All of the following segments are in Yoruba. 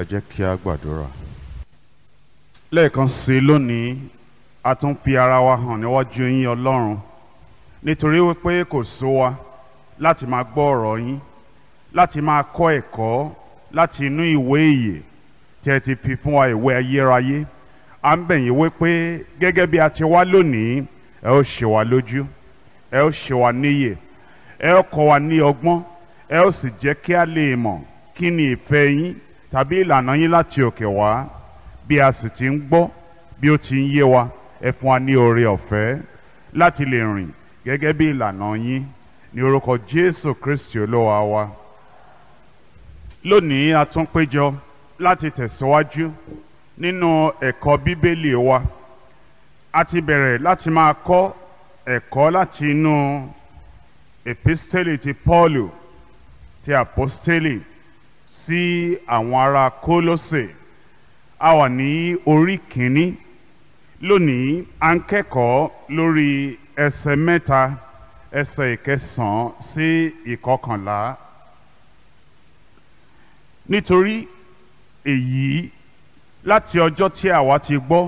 ẹ jẹ́ kí a gbàdúrà. lẹ́ẹ̀kan sí lónìí a tún fi ara wa hàn níwájú yín ọlọ́run nítorí wípé kò só wa láti máa gbọ́ ọ̀rọ̀ yín láti máa kọ́ ẹ̀kọ́ láti inú ìwé ìyè tí ẹ ti fi fún wa ìwé ayérayé à ń bẹ̀ wípé gẹ́gẹ́ bí a ti wá lónìí ẹ ó ṣe wa lójú ẹ ó ṣe wa níyè ẹ ó kọ́ wa ní ọgbọ́n ẹ ó sì jẹ́ kí a lè mọ̀ kí ni ìfẹ́ yín tàbí ìlànà yín láti òkè wá bí a sì ti ń gbọ́ bí ó ti ń yé wa ẹ fún wa ní oore ọ̀fẹ́ láti lè rìn gẹ́gẹ́ bí ìlànà yín ní orúkọ Jésù Kristi Olúwa wa lónìí a tún péjọ láti tẹ̀síwájú nínú ẹ̀kọ́ Bíbélì wa a ti bẹ̀rẹ̀ láti máa kọ́ ẹ̀kọ́ láti inú epistẹ́lì ti ti àpọ́stẹ́lì sí àwọn ará Kólósè a wà ní orí kìíní lónìí à ń kẹ́kọ̀ọ́ lórí ẹsẹ̀ mẹ́ta ẹsẹ̀ ìkẹsàn-án sí ìkọkànlá nítorí èyí láti ọjọ́ tí àwa ti gbọ́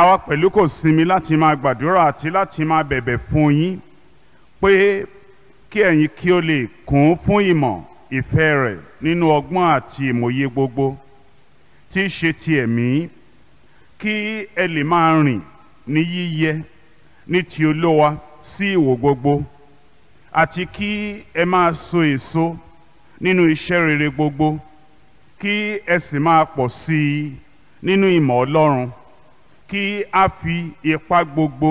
àwa pẹ̀lú kò sinmi láti máa gbàdúrà àti láti máa bẹ̀bẹ̀ fún yín pé kí ẹ̀yin kí o lè kún fún ìmọ̀ ìfẹ́ rẹ̀ nínú ọgbọ́n àti ìmòye gbogbo tí í ṣe ti ẹ̀mí kí ẹ lè máa rìn ní yíyẹ ní ti olówa sí ìwò gbogbo àti kí ẹ máa so èso nínú iṣẹ́ rere gbogbo kí ẹ sì máa pọ̀ sí i nínú ìmọ̀ Ọlọ́run kí a fi ipá gbogbo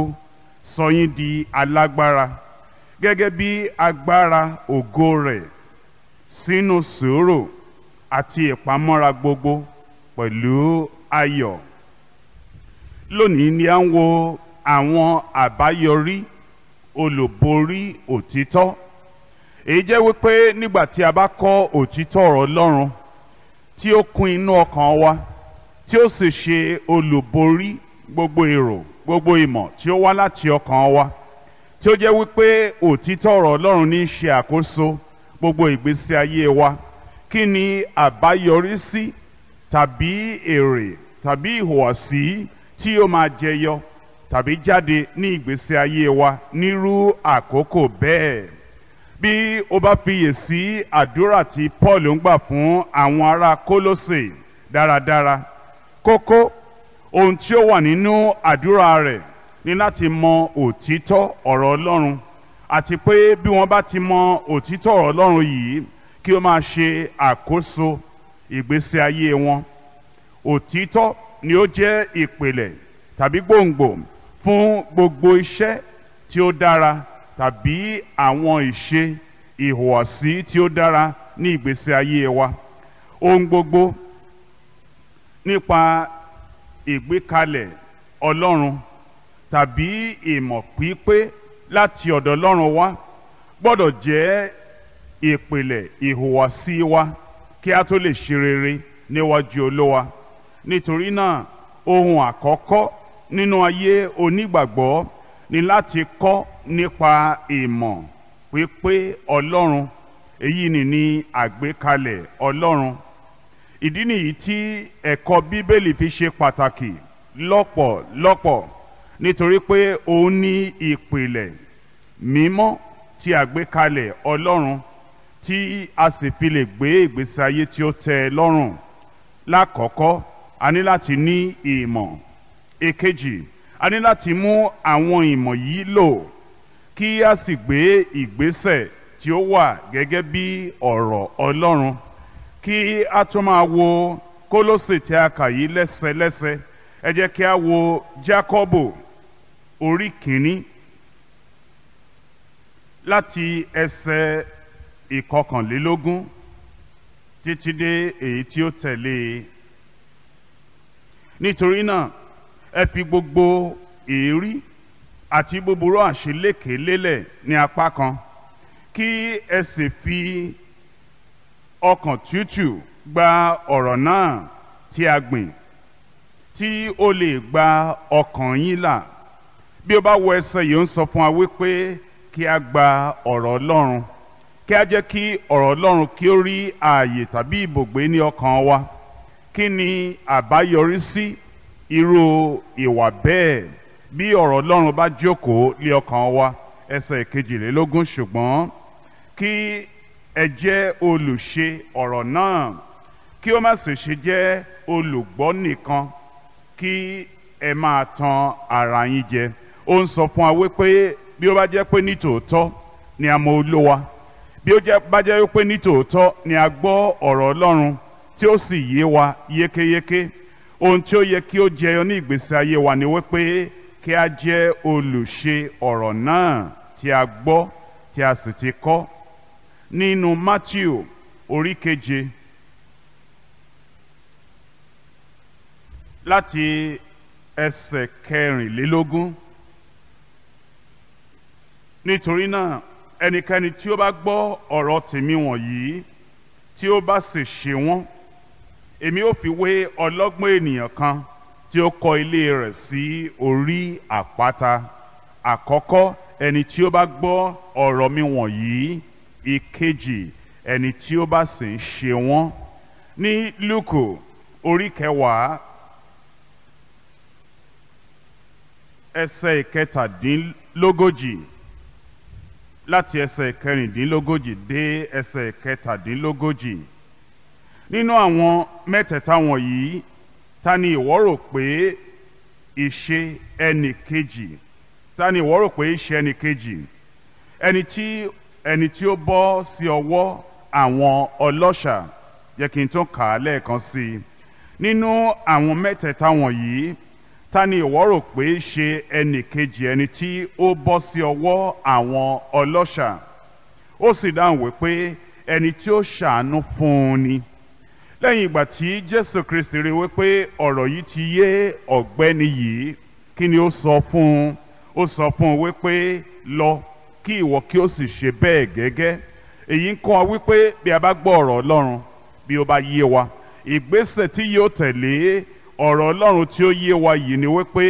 sọ di alágbára gẹ́gẹ́ bí agbára ògo rẹ̀ sínú sùúrù àti ìpamọ́ra gbogbo pẹ̀lú ayọ̀ lónìí ni a ń wo àwọn àbáyọrí olùborí òtítọ́ èyí jẹ́ wípé nígbà tí a bá kọ́ òtítọ́ ọ̀rọ̀ Ọlọ́run tí ó kún inú ọkàn wa tí ó sì ṣe olùborí gbogbo èrò gbogbo ìmọ̀ tí ó wá láti ọkàn wa tí ó jẹ́ wípé òtítọ́ ọ̀rọ̀ Ọlọ́run ní í ṣe àkóso gbogbo ìgbésí ayé wa kí ni àbáyọrísí tàbí èrè tàbí ìhùwàsí tí yóò máa jẹyọ tàbí jáde ní ìgbésí ayé wa nírú àkókò bẹ́ẹ̀ bí o bá fiyè sí àdúrà tí Paul ń gbà fún àwọn ará Kólósè dáradára kókó ohun tí ó wà nínú àdúrà rẹ̀ ni láti mọ òtítọ́ ọ̀rọ̀ Ọlọ́run àti pé bí wọ́n bá ti mọ òtítọ́ ọlọ́run yìí kí ó máa ṣe àkóso ìgbésí ayé wọn òtítọ́ ni ó jẹ́ ìpìlẹ̀ tàbí gbòǹgbò fún gbogbo iṣẹ́ tí ó dára tàbí àwọn ìṣe ìhùwàsí tí ó dára ní ìgbésí ayé wa ohun gbogbo nípa ìgbékalẹ̀ ọlọ́run tàbí ìmọ̀ pípé láti ọ̀dọ̀ Ọlọ́run wá gbọ́dọ̀ jẹ́ ìpìlẹ̀ ìhùwàsí wa kí a tó lè ṣe rere níwájú Olúwa nítorí náà ohun àkọ́kọ́ nínú ayé onígbàgbọ́ ni láti kọ́ nípa ìmọ̀ pípé Ọlọ́run èyí ni ní àgbékalẹ̀ Ọlọ́run ìdí nìyí tí ẹ̀kọ́ Bíbélì fi ṣe pàtàkì lọ́pọ̀lọpọ̀ nítorí pé òun ní ìpìlẹ̀ mímọ́ tí a gbé kalẹ̀ ọlọ́run tí a sì fi lè gbé ìgbésí ayé tí ó tẹ́ lọ́rùn lákọ̀ọ́kọ́ a ní láti ní ìmọ̀ èkejì a ní láti mú àwọn ìmọ̀ yìí lò kí a sì gbé ìgbésẹ̀ tí ó wà gẹ́gẹ́ bí ọ̀rọ̀ ọlọ́run kí a tún máa wo Kólósè tí a kà yìí lẹ́sẹlẹ́sẹ ẹ jẹ́ kí a wo Jákọ́bù orí kìíní láti ẹsẹ̀ ìkọkànlélógún títí dé èyí tí ó tẹ̀lé e nítorí náà ẹ fi gbogbo èérí àti búburú àṣelékè lélẹ̀ ní apá kan kí ẹ sì fi ọkàn tútù gba ọ̀rọ̀ náà tí a gbìn tí ó lè gba ọkàn yín là bí o bá wọ ẹsẹ̀ yìí ó ń sọ fún wa wípé kí a gba ọ̀rọ̀ Ọlọ́run kí a jẹ́ kí ọ̀rọ̀ Ọlọ́run kí ó rí ààyè tàbí ibùgbé ní ọkàn wa kí ni àbáyọrí sí irú ìwà bẹ́ẹ̀ bí ọ̀rọ̀ Ọlọ́run bá jókòó lé ọkàn wa ẹsẹ̀ kejìlélógún ṣùgbọ́n kí ẹ jẹ́ olùṣe ọ̀rọ̀ náà kí ó má sì ṣe jẹ́ olùgbọ́ nìkan kí ẹ máa tan ara yín jẹ ó ń sọ fún wa wípé bí ó bá jẹ́ pé ní tòótọ́ ni a mọ Olúwa bí ó bá jẹ́ pé ní tòótọ́ ni a gbọ́ ọ̀rọ̀ Ọlọ́run tí ó sì yé wa yékéyéké ohun tí ó yẹ kí ó jẹyọ ní ìgbésí ayé wa ni wípé kí a jẹ́ olùṣe ọ̀rọ̀ náà tí a gbọ́ tí a sì ti kọ́ nínú Matthew orí keje láti ẹsẹ̀ kẹrìnlélógún nítorí náà ẹnikẹ́ni tí ó bá gbọ́ ọ̀rọ̀ tèmi wọ̀nyí tí ó bá sì ṣe wọ́n èmi ó fi wé ọlọ́gbọ́n ènìyàn kan tí ó kọ́ ilé rẹ̀ sí orí àpáta àkọ́kọ́ ẹni tí ó bá gbọ́ ọ̀rọ̀ mi wọ̀nyí ìkejì ẹni tí ó bá sì ń ṣe wọ́n ní Lúkù orí kẹwàá ẹsẹ̀ ìkẹtàdínlógójì láti ẹsẹ̀ kẹrìndínlógójì dé ẹsẹ̀ kẹtàdínlógójì nínú àwọn mẹ́tẹ̀ẹ̀ta wọ̀nyí ta ni ìwọ rò pé ìṣe ẹnì kejì ta ni ìwọ rò pé ìṣe ẹnì kejì ẹni tí ẹni tí ó bọ́ sí ọwọ́ àwọn ọlọ́ṣà jẹ́ kí n tún kà á lẹ́ẹ̀kan sí i nínú àwọn mẹ́tẹ̀ẹ̀ta wọ̀nyí ta ni ìwọ rò pé ṣe ẹnìkejì ẹni tí ó bọ́ sí ọwọ́ àwọn ọlọ́ṣà ó sì dáhùn wípé ẹni tí ó ṣàánú fún un ni lẹ́yìn ìgbà tí Jésù Kristi rí wípé ọ̀rọ̀ yìí ti yé ọ̀gbẹ́ni yìí kí ni ó sọ fún un ó sọ fún un wípé lọ kí ìwọ kí ó sì ṣe bẹ́ẹ̀ gẹ́gẹ́ èyí ń kọ́ wípé bí a bá gbọ́ ọ̀rọ̀ Ọlọ́run bí ó bá yé wa ìgbésẹ̀ tí yóò tẹ̀lé ọ̀rọ̀ ọlọ́run tí ó yé wa yìí ni wípé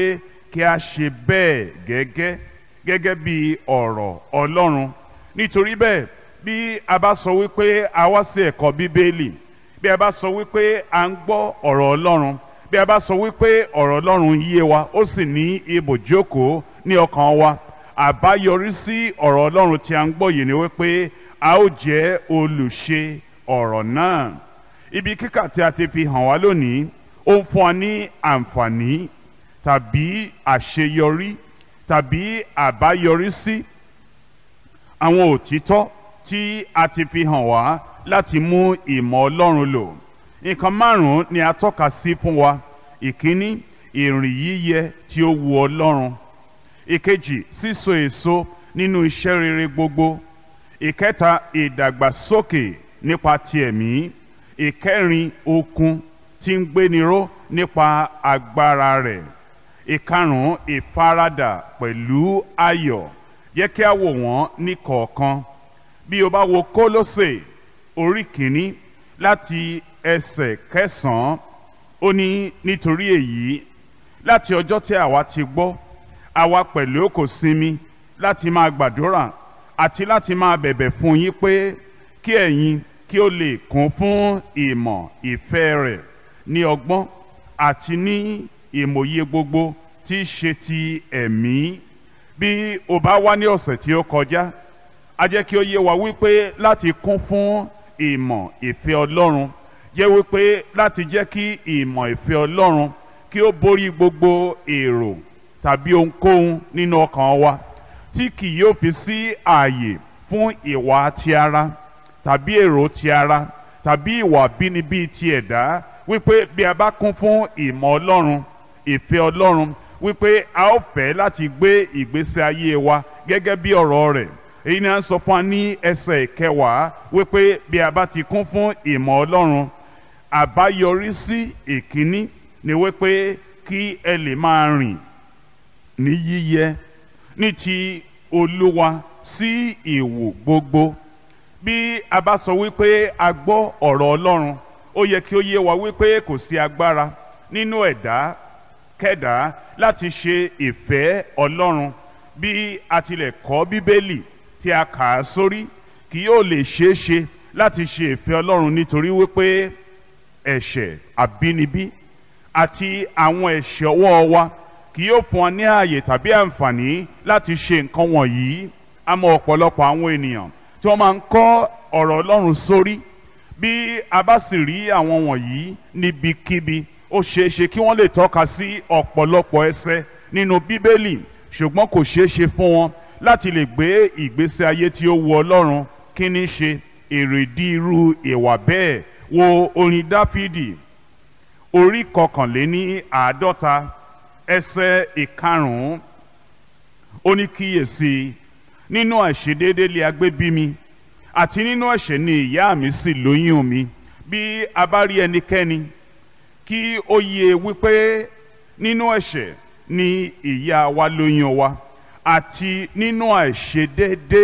kí a ṣe bẹ́ẹ̀ gẹ́gẹ́ gẹ́gẹ́ bí ọ̀rọ̀ ọlọ́run nítorí bẹ́ẹ̀ bí a bá sọ wípé a wá sí ẹ̀kọ́ bíbélì bí a bá sọ wípé a ń gbọ́ ọ̀rọ̀ ọlọ́run bí a bá sọ wípé ọ̀rọ̀ ọlọ́run yé wa ó sì ní ibòjókòó ní ọkàn wa àbáyọrí sí ọ̀rọ̀ ọlọ́run tí a ń gbọ́ yìí ni wípé a ó jẹ́ olùṣe ọ̀rọ̀ náà ibi kíkà tí a ti fi hàn wá lónìí ó ń fún wa ní àǹfààní tàbí àṣeyọrí tàbí àbáyọrísí àwọn òtítọ́ tí a ti fi hàn wá láti mú ìmọ̀ Ọlọ́run lò nǹkan márùn-ún ni a tọ́ka sí fún wa ìkíní ìrìn yíyẹ tí ó wu Ọlọ́run ìkejì síso èso nínú iṣẹ́ rere gbogbo ìkẹta ìdàgbàsókè nípa ti ẹ̀mí ìkẹrin okun tí ń gbéniró nípa agbára rẹ̀ ìkarùn-ún ìfaradà pẹ̀lú ayọ̀ yẹ kí a wò wọ́n ní kọ̀ọ̀kan bí o bá wo Kólósè orí kìíní láti ẹsẹ̀ kẹsàn-án ó ní nítorí èyí láti ọjọ́ tí àwa ti gbọ́ àwa pẹ̀lú kò sinmi láti máa gbàdúrà àti láti máa bẹ̀bẹ̀ fún yín pé kí ẹ̀yin kí o lè kún fún ìmọ̀ ìfẹ́ rẹ̀ ní ọgbọ́n àti ní ìmòye gbogbo tí í ṣe ti ẹ̀mí bí o bá wá ní ọ̀sẹ̀ tí ó kọjá a jẹ́ kí ó yé wa wípé láti kún fún ìmọ̀ ìfẹ́ Ọlọ́run jẹ́ wípé láti jẹ́ kí ìmọ̀ ìfẹ́ Ọlọ́run kí ó borí gbogbo èrò tàbí ohunkóhun nínú ọkàn wa tí kì yóò fi sí ààyè fún ìwà ti ara tàbí èrò ti ara tàbí ìwà bínibí ti ẹ̀dá wípé bí a bá kún fún ìmọ̀ ọlọ́run ìfẹ́ ọlọ́run wípé a ó fẹ́ láti gbé ìgbésí ayé wa gẹ́gẹ́ bí ọ̀rọ̀ rẹ̀ èyí ni a ń sọ fún wa ní ẹsẹ̀ ìkẹwàá wípé bí a bá ti kún fún ìmọ̀ ọlọ́run àbáyọrí sí ìkíní ni wípé kí ẹ lè máa rìn ní yíyẹ ní ti olúwa sí ìwò gbogbo bí a bá sọ wípé a gbọ́ ọ̀rọ̀ ọlọ́run ó yẹ kí ó yé wa wípé kò sí agbára nínú ẹ̀dá kẹ̀dá láti ṣe ìfẹ́ Ọlọ́run bí a tilẹ̀ kọ́ Bíbélì tí a kà á sórí kì yóò lè ṣeé ṣe láti ṣe ìfẹ́ Ọlọ́run nítorí wípé ẹ̀ṣẹ̀ àbínibí àti àwọn ẹ̀ṣẹ̀ ọwọ́ wa kì yóò fún ọ ní ààyè tàbí àǹfààní láti ṣe nǹkan wọ̀nyí àmọ́ ọ̀pọ̀lọpọ̀ àwọn ènìyàn tí wọ́n máa ń kọ́ ọ̀rọ̀ Ọlọ́run sórí bí a bá sì rí àwọn wọ̀nyí níbikíbi ó ṣeé ṣe kí wọ́n lè tọ́ka sí ọ̀pọ̀lọpọ̀ ẹsẹ̀ nínú bíbélì ṣùgbọ́n kò ṣeé ṣe fún wọn láti lè gbé ìgbésí ayé tí ó wu ọlọ́run kí ní ṣe èrèdí irú ìwà bẹ́ẹ̀ wo orin dáfídì orí kọkànléní àádọ́ta ẹsẹ̀ ìkarùn-ún ó ní kíyèsí nínú àìṣedéédé lé agbé bí mi àti nínú ẹ̀ṣẹ̀ ni ìyá mi sì lóyún mi bí a bá rí ẹnikẹ́ni kí ó yé e wípé nínú ẹ̀ṣẹ̀ ni ìyá wa lóyún wa àti nínú àìṣedéédé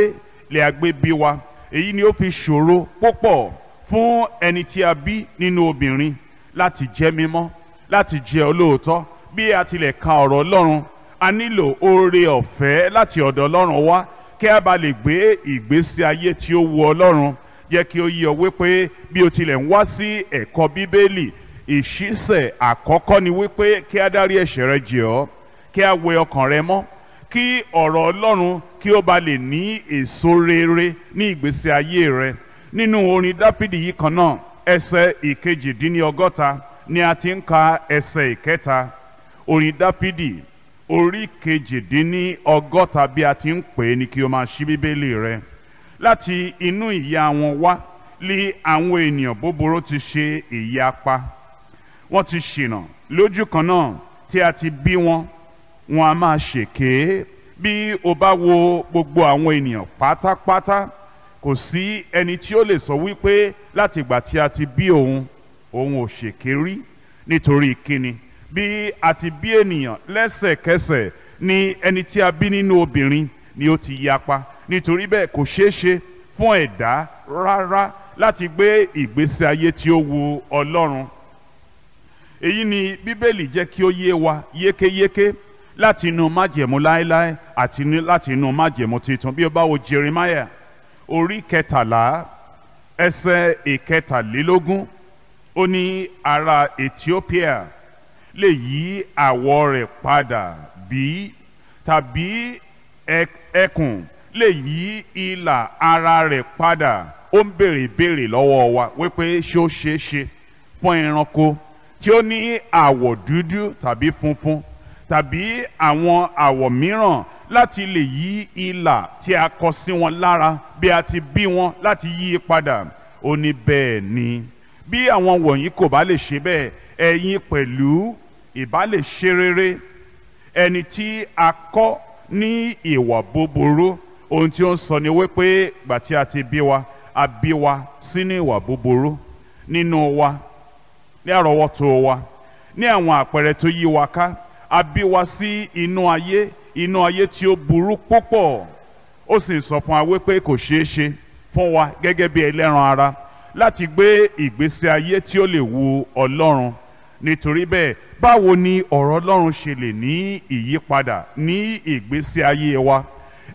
lè a gbé bí wa èyí ni ó fi ṣòro púpọ̀ fún ẹni tí a bí nínú obìnrin láti jẹ́ mímọ́ láti jẹ́ olóòótọ́ bí a tilẹ̀ ka ọ̀rọ̀ Ọlọ́run a nílò oore ọ̀fẹ́ láti ọ̀dọ̀ Ọlọ́run wá kí a bá lè gbé ìgbésí ayé tí ó wu ọlọ́run jẹ́ kí ó yí ọ wípé bí o tilẹ̀ ń wá sí ẹ̀kọ́ bíbélì ìṣísẹ̀ àkọ́kọ́ ni wípé kí a dárí ẹ̀ṣẹ̀ rẹ jì ọ́ kí a wẹ ọkàn rẹ mọ́ kí ọ̀rọ̀ ọlọ́run kí ó bá lè ní èso rere ní ìgbésí ayé rẹ nínú orin dápídì yìí kan náà ẹsẹ̀ ìkejìdínlọ́gọ́ta ni a ti ń ka ẹsẹ̀ ìkẹta orin dápídì orí kejìdínní ọgọ́ta bí a ti ń pè é ni kí o máa ṣí bíbélì rẹ láti inú ìyà wọn wá lé àwọn ènìyàn búburú ti ṣe ìyapa wọ́n ti ṣìnà lójú kan náà tí a ti bí wọn wọn a máa ṣèké bí o bá wo gbogbo àwọn ènìyàn pátápátá kò sí ẹni tí ó lè sọ wípé láti ìgbà tí a ti bí òun òun ò ṣèké rí nítorí kíni bí àti bí ènìyàn lẹ́sẹ̀kẹsẹ̀ ni ẹni tí a bí nínú obìnrin ni ó ti yapa nítorí bẹ́ẹ̀ kò ṣeé ṣe fún ẹ̀dá rárá láti gbé ìgbésí ayé tí ó wu Ọlọ́run èyí ni Bíbélì jẹ́ kí ó yé wa yékéyéké láti inú májẹ̀mú láéláé àti láti inú májẹ̀mú titun bí o bá wo Jeremiah orí kẹtàlá ẹsẹ̀ ìkẹtàlélógún ó ní ara Ethiopia lè yí àwọ̀ rẹ̀ padà bí tàbí ẹkùn lè yí ìlà ara rẹ̀ padà ó ń béèrè ìbéèrè lọ́wọ́ wa wípé ṣé ó ṣeé ṣe fún ẹranko tí ó ní àwọ̀ dúdú tàbí funfun tàbí àwọn àwọ̀ mìíràn láti lè yí ìlà tí a kọ sí wọn lára bí a ti bí wọn láti yí i padà ó ní bẹ́ẹ̀ ni bí àwọn wọ̀nyí kò bá lè ṣe bẹ́ẹ̀ ẹ̀yin pẹ̀lú ìbá lè ṣe rere ẹni tí a kọ́ ní ìwà búburú ohun tí ó ń sọ ni wípé gbà tí a ti bí wa a bí wa sínú ìwà búburú nínú wa ní àrọ́wọ́tó wa ní àwọn àpẹẹrẹ tó yí wa ká a bí wa sí inú ayé inú ayé tí ó burú púpọ̀ ó sì ń sọ fún wa wípé kò ṣeé ṣe fún wa gẹ́gẹ́ bí ẹlẹ́ran ara láti gbé ìgbésí ayé tí ó lè wu Ọlọ́run nítorí bẹ́ẹ̀ báwo ni ọ̀rọ̀ Ọlọ́run ṣe lè ní ìyípadà ní ìgbésí ayé wa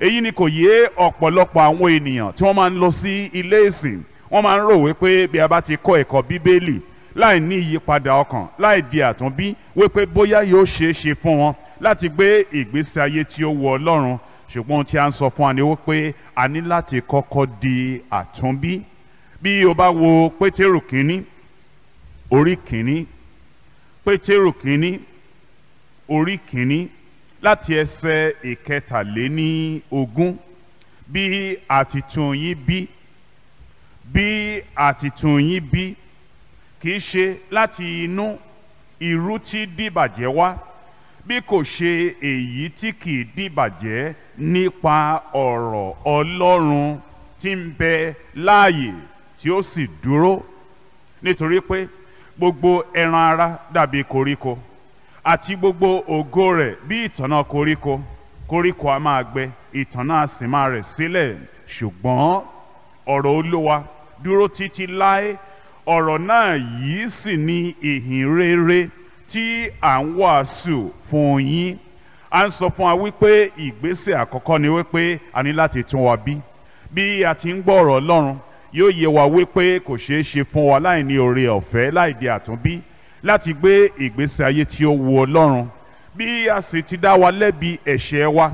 èyí ni kò yé ọ̀pọ̀lọpọ̀ àwọn ènìyàn tí wọ́n máa ń lọ sí ilé ìsìn wọ́n máa ń rò wípé bí a bá ti kọ́ ẹ̀kọ́ bíbélì láì ní ìyípadà ọkàn láì di àtúnbí wípé bóyá yóò ṣeé ṣe fún wọn láti gbé ìgbésí ayé tí ó wù Ọlọ́run ṣùgbọ́n ohun tí a ń sọ fún wa ni wípé a ní láti kọ́kọ́ di àtúnbí bí o bá wo Pétérù kínní orí kínní pétérù kínní orí kínní láti ẹsẹ̀ ìkẹtàléní ogún bí àtìtún yín bí bí àtìtún yín bí kìí ṣe láti inú irú tí dìbàjẹ́ wá bí kò ṣe èyí tí kìí dìbàjẹ́ nípa ọ̀rọ̀ Ọlọ́run tí ń bẹ láàyè tí ó sì dúró nítorí pé gbogbo ẹran ara dàbí koríko àti gbogbo ògo rẹ̀ bí ìtànná koríko koríko a máa gbẹ ìtànná a sì máa rẹ̀ sílẹ̀ ṣùgbọ́n ọ̀rọ̀ olúwa dúró títí láé ọ̀rọ̀ náà yìí sì ni ìhìn rere tí à ń wàásù fún yín a ń sọ fún wa wípé ìgbésẹ̀ àkọ́kọ́ ni wípé a ní láti tún wa bí bí a ti ń gbọ́ ọ̀rọ̀ ọlọ́run yóò yẹ wa wípé kò ṣeé ṣe fún wa láì ní oore ọ̀fẹ́ láì di àtúnbí láti gbé ìgbésí ayé tí ó wu ọlọ́run bí a sì ti dá wa lẹ́bi ẹ̀ṣẹ̀ wa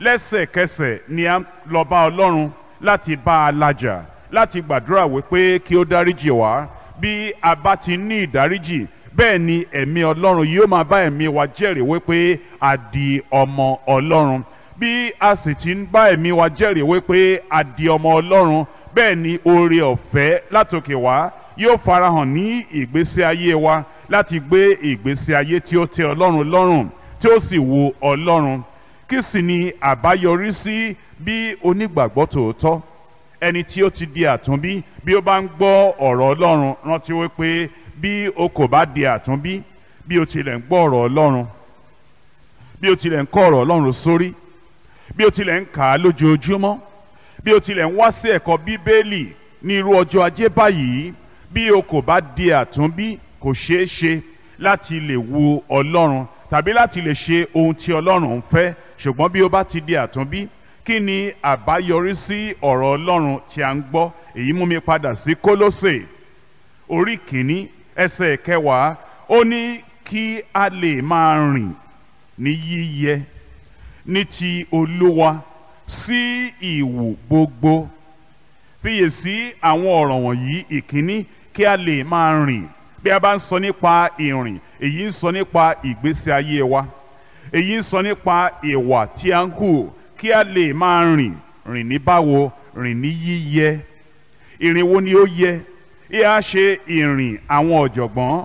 lẹ́sẹ̀kẹsẹ̀ ni a lọ bá ọlọ́run láti bá a lajà láti gbàdúrà wípé kí ó dáríjì wá bí a bá ti ní ìdáríjì bẹ́ẹ̀ ni ẹ̀mí ọlọ́run yóò máa bá ẹ̀mí wa jẹ́rìí wípé a di ọmọ ọlọ́run bí a sì ti ń bá ẹ̀mí wa jẹ́rìí wípé a di ọmọ ọlọ́run bẹ́ẹ̀ ni oore ọ̀fẹ́ látòkè wá yóò farahàn ní ìgbésí ayé wa láti gbé ìgbésí ayé tí ó tẹ ọlọ́run lọ́rùn tí ó sì wu ọlọ́run kí sì ni àbáyọrí sí bí onígbàgbọ́ tòótọ́ ẹni tí ó ti di àtúnbí bí ó bá ń gbọ́ ọ̀rọ̀ ọlọ́run rántí wípé bí o kò bá di àtúnbí bí o tilẹ̀ ń gbọ́ ọ̀rọ̀ ọlọ́run bí o tilẹ̀ ń kọ́ ọ̀rọ̀ ọlọ́run sórí bí o tilẹ̀ ń kà á lójoojúmọ́ bí o tilẹ̀ ń wá sí ẹ̀kọ́ bíbélì ní irú ọjọ́ ajé báyìí bí o kò bá di àtúnbí kò ṣeé ṣe láti lè wo ọlọ́run tàbí láti lè ṣe ohun tí ọlọ́run ń fẹ́ ṣùgbọ́n bí o bá ti di àtúnbí kí ni àbáyọrí sí ọ̀rọ̀ ọlọ́run tí a ń gbọ́ èyí mú mi padà sí kólósè orí kìíní ẹsẹ̀ kẹwàá ó ní kí a lè máa rìn ní yíyẹ ní ti olúwa sí ìwù gbogbo fiyèsí àwọn ọ̀rọ̀ wọ̀nyí ìkíní kí a lè máa rìn bí a bá ń sọ nípa ìrìn èyí ń sọ nípa ìgbésí ayé wa èyí ń sọ nípa ìwà tí a ń hù kí a lè máa rìn rìn ní báwo rìn ní yíyẹ ìrìn wo ni ó yẹ ẹ á ṣe ìrìn àwọn ọ̀jọ̀gbọ́n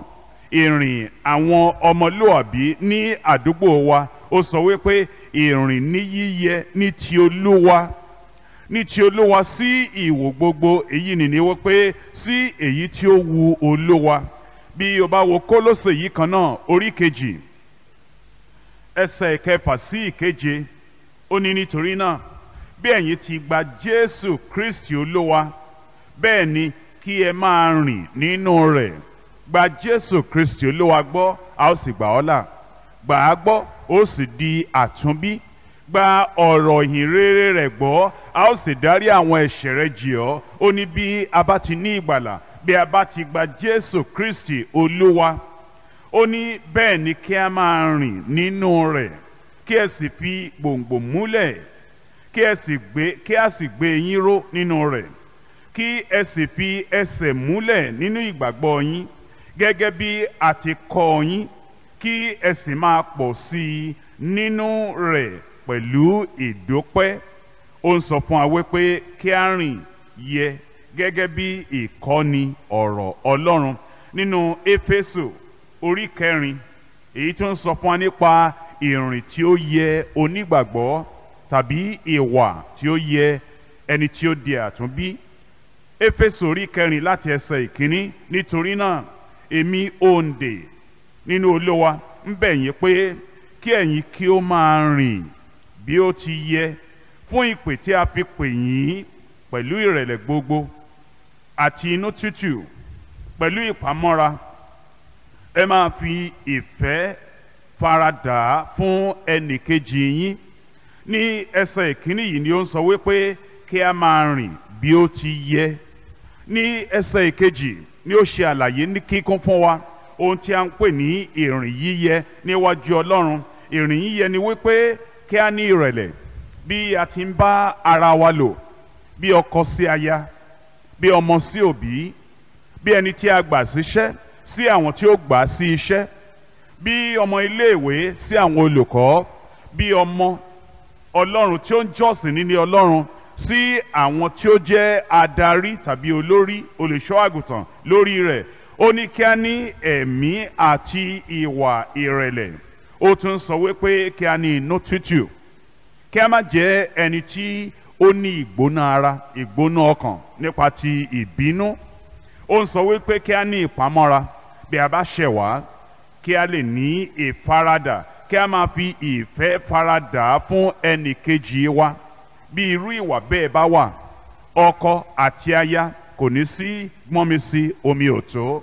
ìrìn àwọn ọmọlúwàbí ní àdúgbò wa ó sọ wípé ìrìn ní yíyẹ ní ti olúwa ní ti olúwa sí ìwò gbogbo èyí nìní wípé sí èyí tí ó wu olúwa bí o bá wo kólósè yìí kan náà orí kejì ẹsẹ̀ ìkẹfà sí ìkeje ó ní nítorí náà bí ẹ̀yin ti gba jésù kristi olúwa bẹ́ẹ̀ ni kí ẹ máa rìn nínú rẹ̀ gba jésù kristi olúwa gbọ́ a ó sì gbà ọ́ là gbà á gbọ́ ó sì di àtúnbí gba ọ̀rọ̀ ìyìn rere rẹ̀ gbọ́ a ó sì dárí àwọn ẹ̀ṣẹ̀ rẹ jì ọ́ ó ní bí a bá ti ní ìgbàlà bí a bá ti gba Jésù Kristi Olúwa ó ní bẹ́ẹ̀ ni kí a máa rìn nínú rẹ̀ kí ẹ sì fi gbòǹgbò múlẹ̀ kí ẹ sì gbé kí a sì gbé yín ró nínú rẹ̀ kí ẹ sì fi ẹsẹ̀ múlẹ̀ nínú ìgbàgbọ́ yín gẹ́gẹ́ bí a ti kọ́ yín kí ẹ sì máa pọ̀ sí i nínú rẹ̀ pẹ̀lú ìdópẹ́ ó ń sọ fún wa wípé kí a rìn yẹ gẹ́gẹ́ bí ìkọ́ni ọ̀rọ̀ Ọlọ́run nínú Éfésù orí kẹrin èyí tó ń sọ fún wa nípa ìrìn tí ó yẹ onígbàgbọ́ tàbí ìwà tí ó yẹ ẹni tí ó di àtúnbí Éfésù orí kẹrin láti ẹsẹ̀ ìkíní nítorí náà èmi òǹdè nínú olúwa ń bẹ̀ yín pé kí ẹ̀yin kí ó máa rìn bí ó ti yẹ fún ìpè tí a fi pè yín pẹ̀lú ìrẹ̀lẹ̀ gbogbo àti inú tútù pẹ̀lú ìpamọ́ra ẹ máa fi ìfẹ́ faradà fún ẹnìkejì yín ní ẹsẹ̀ ìkíní yìí ni ó ń sọ wípé kí a máa rìn bí ó ti yẹ ní ẹsẹ̀ ìkejì ni ó ṣe àlàyé ní kíkún fún wa ohun tí a ń pè ní ìrìn yíyẹ níwájú ọlọ́run ìrìn yíyẹ ni wípé kí a ní ìrẹ̀lẹ̀ bí a ti ń bá ara wa lò bí ọkọ sí aya bí ọmọ sí òbí bí ẹni tí a gbà síṣẹ́ sí àwọn tí ó gbà sí iṣẹ́ bí ọmọ iléèwé sí àwọn olùkọ́ bí ọmọ ọlọ́run tí ó ń jọ́sìn nílé ọlọ́run sí àwọn tí ó jẹ́ adarí tàbí olórí olùṣọ́ àgùntàn lórí rẹ̀ ó ní kí a ní ẹ̀mí àti ìwà ìrẹ̀lẹ̀ ó tún sọ wípé kí a ní inú tútù kí a má jẹ́ ẹni tí ó ní ìgbóná ara ìgbóná ọkàn nípa ti ìbínú ó ń sọ wípé kí a ní ìpamọ́ra bí a bá ṣẹ̀ kí a lè ní ìfaradà kí a máa fi ìfẹ́ faradà fún ẹnì kejì wa bí irú ìwà bẹ́ẹ̀ bá wà ọkọ àti aya kò ní sí gbọ́nmi sí omi ò tó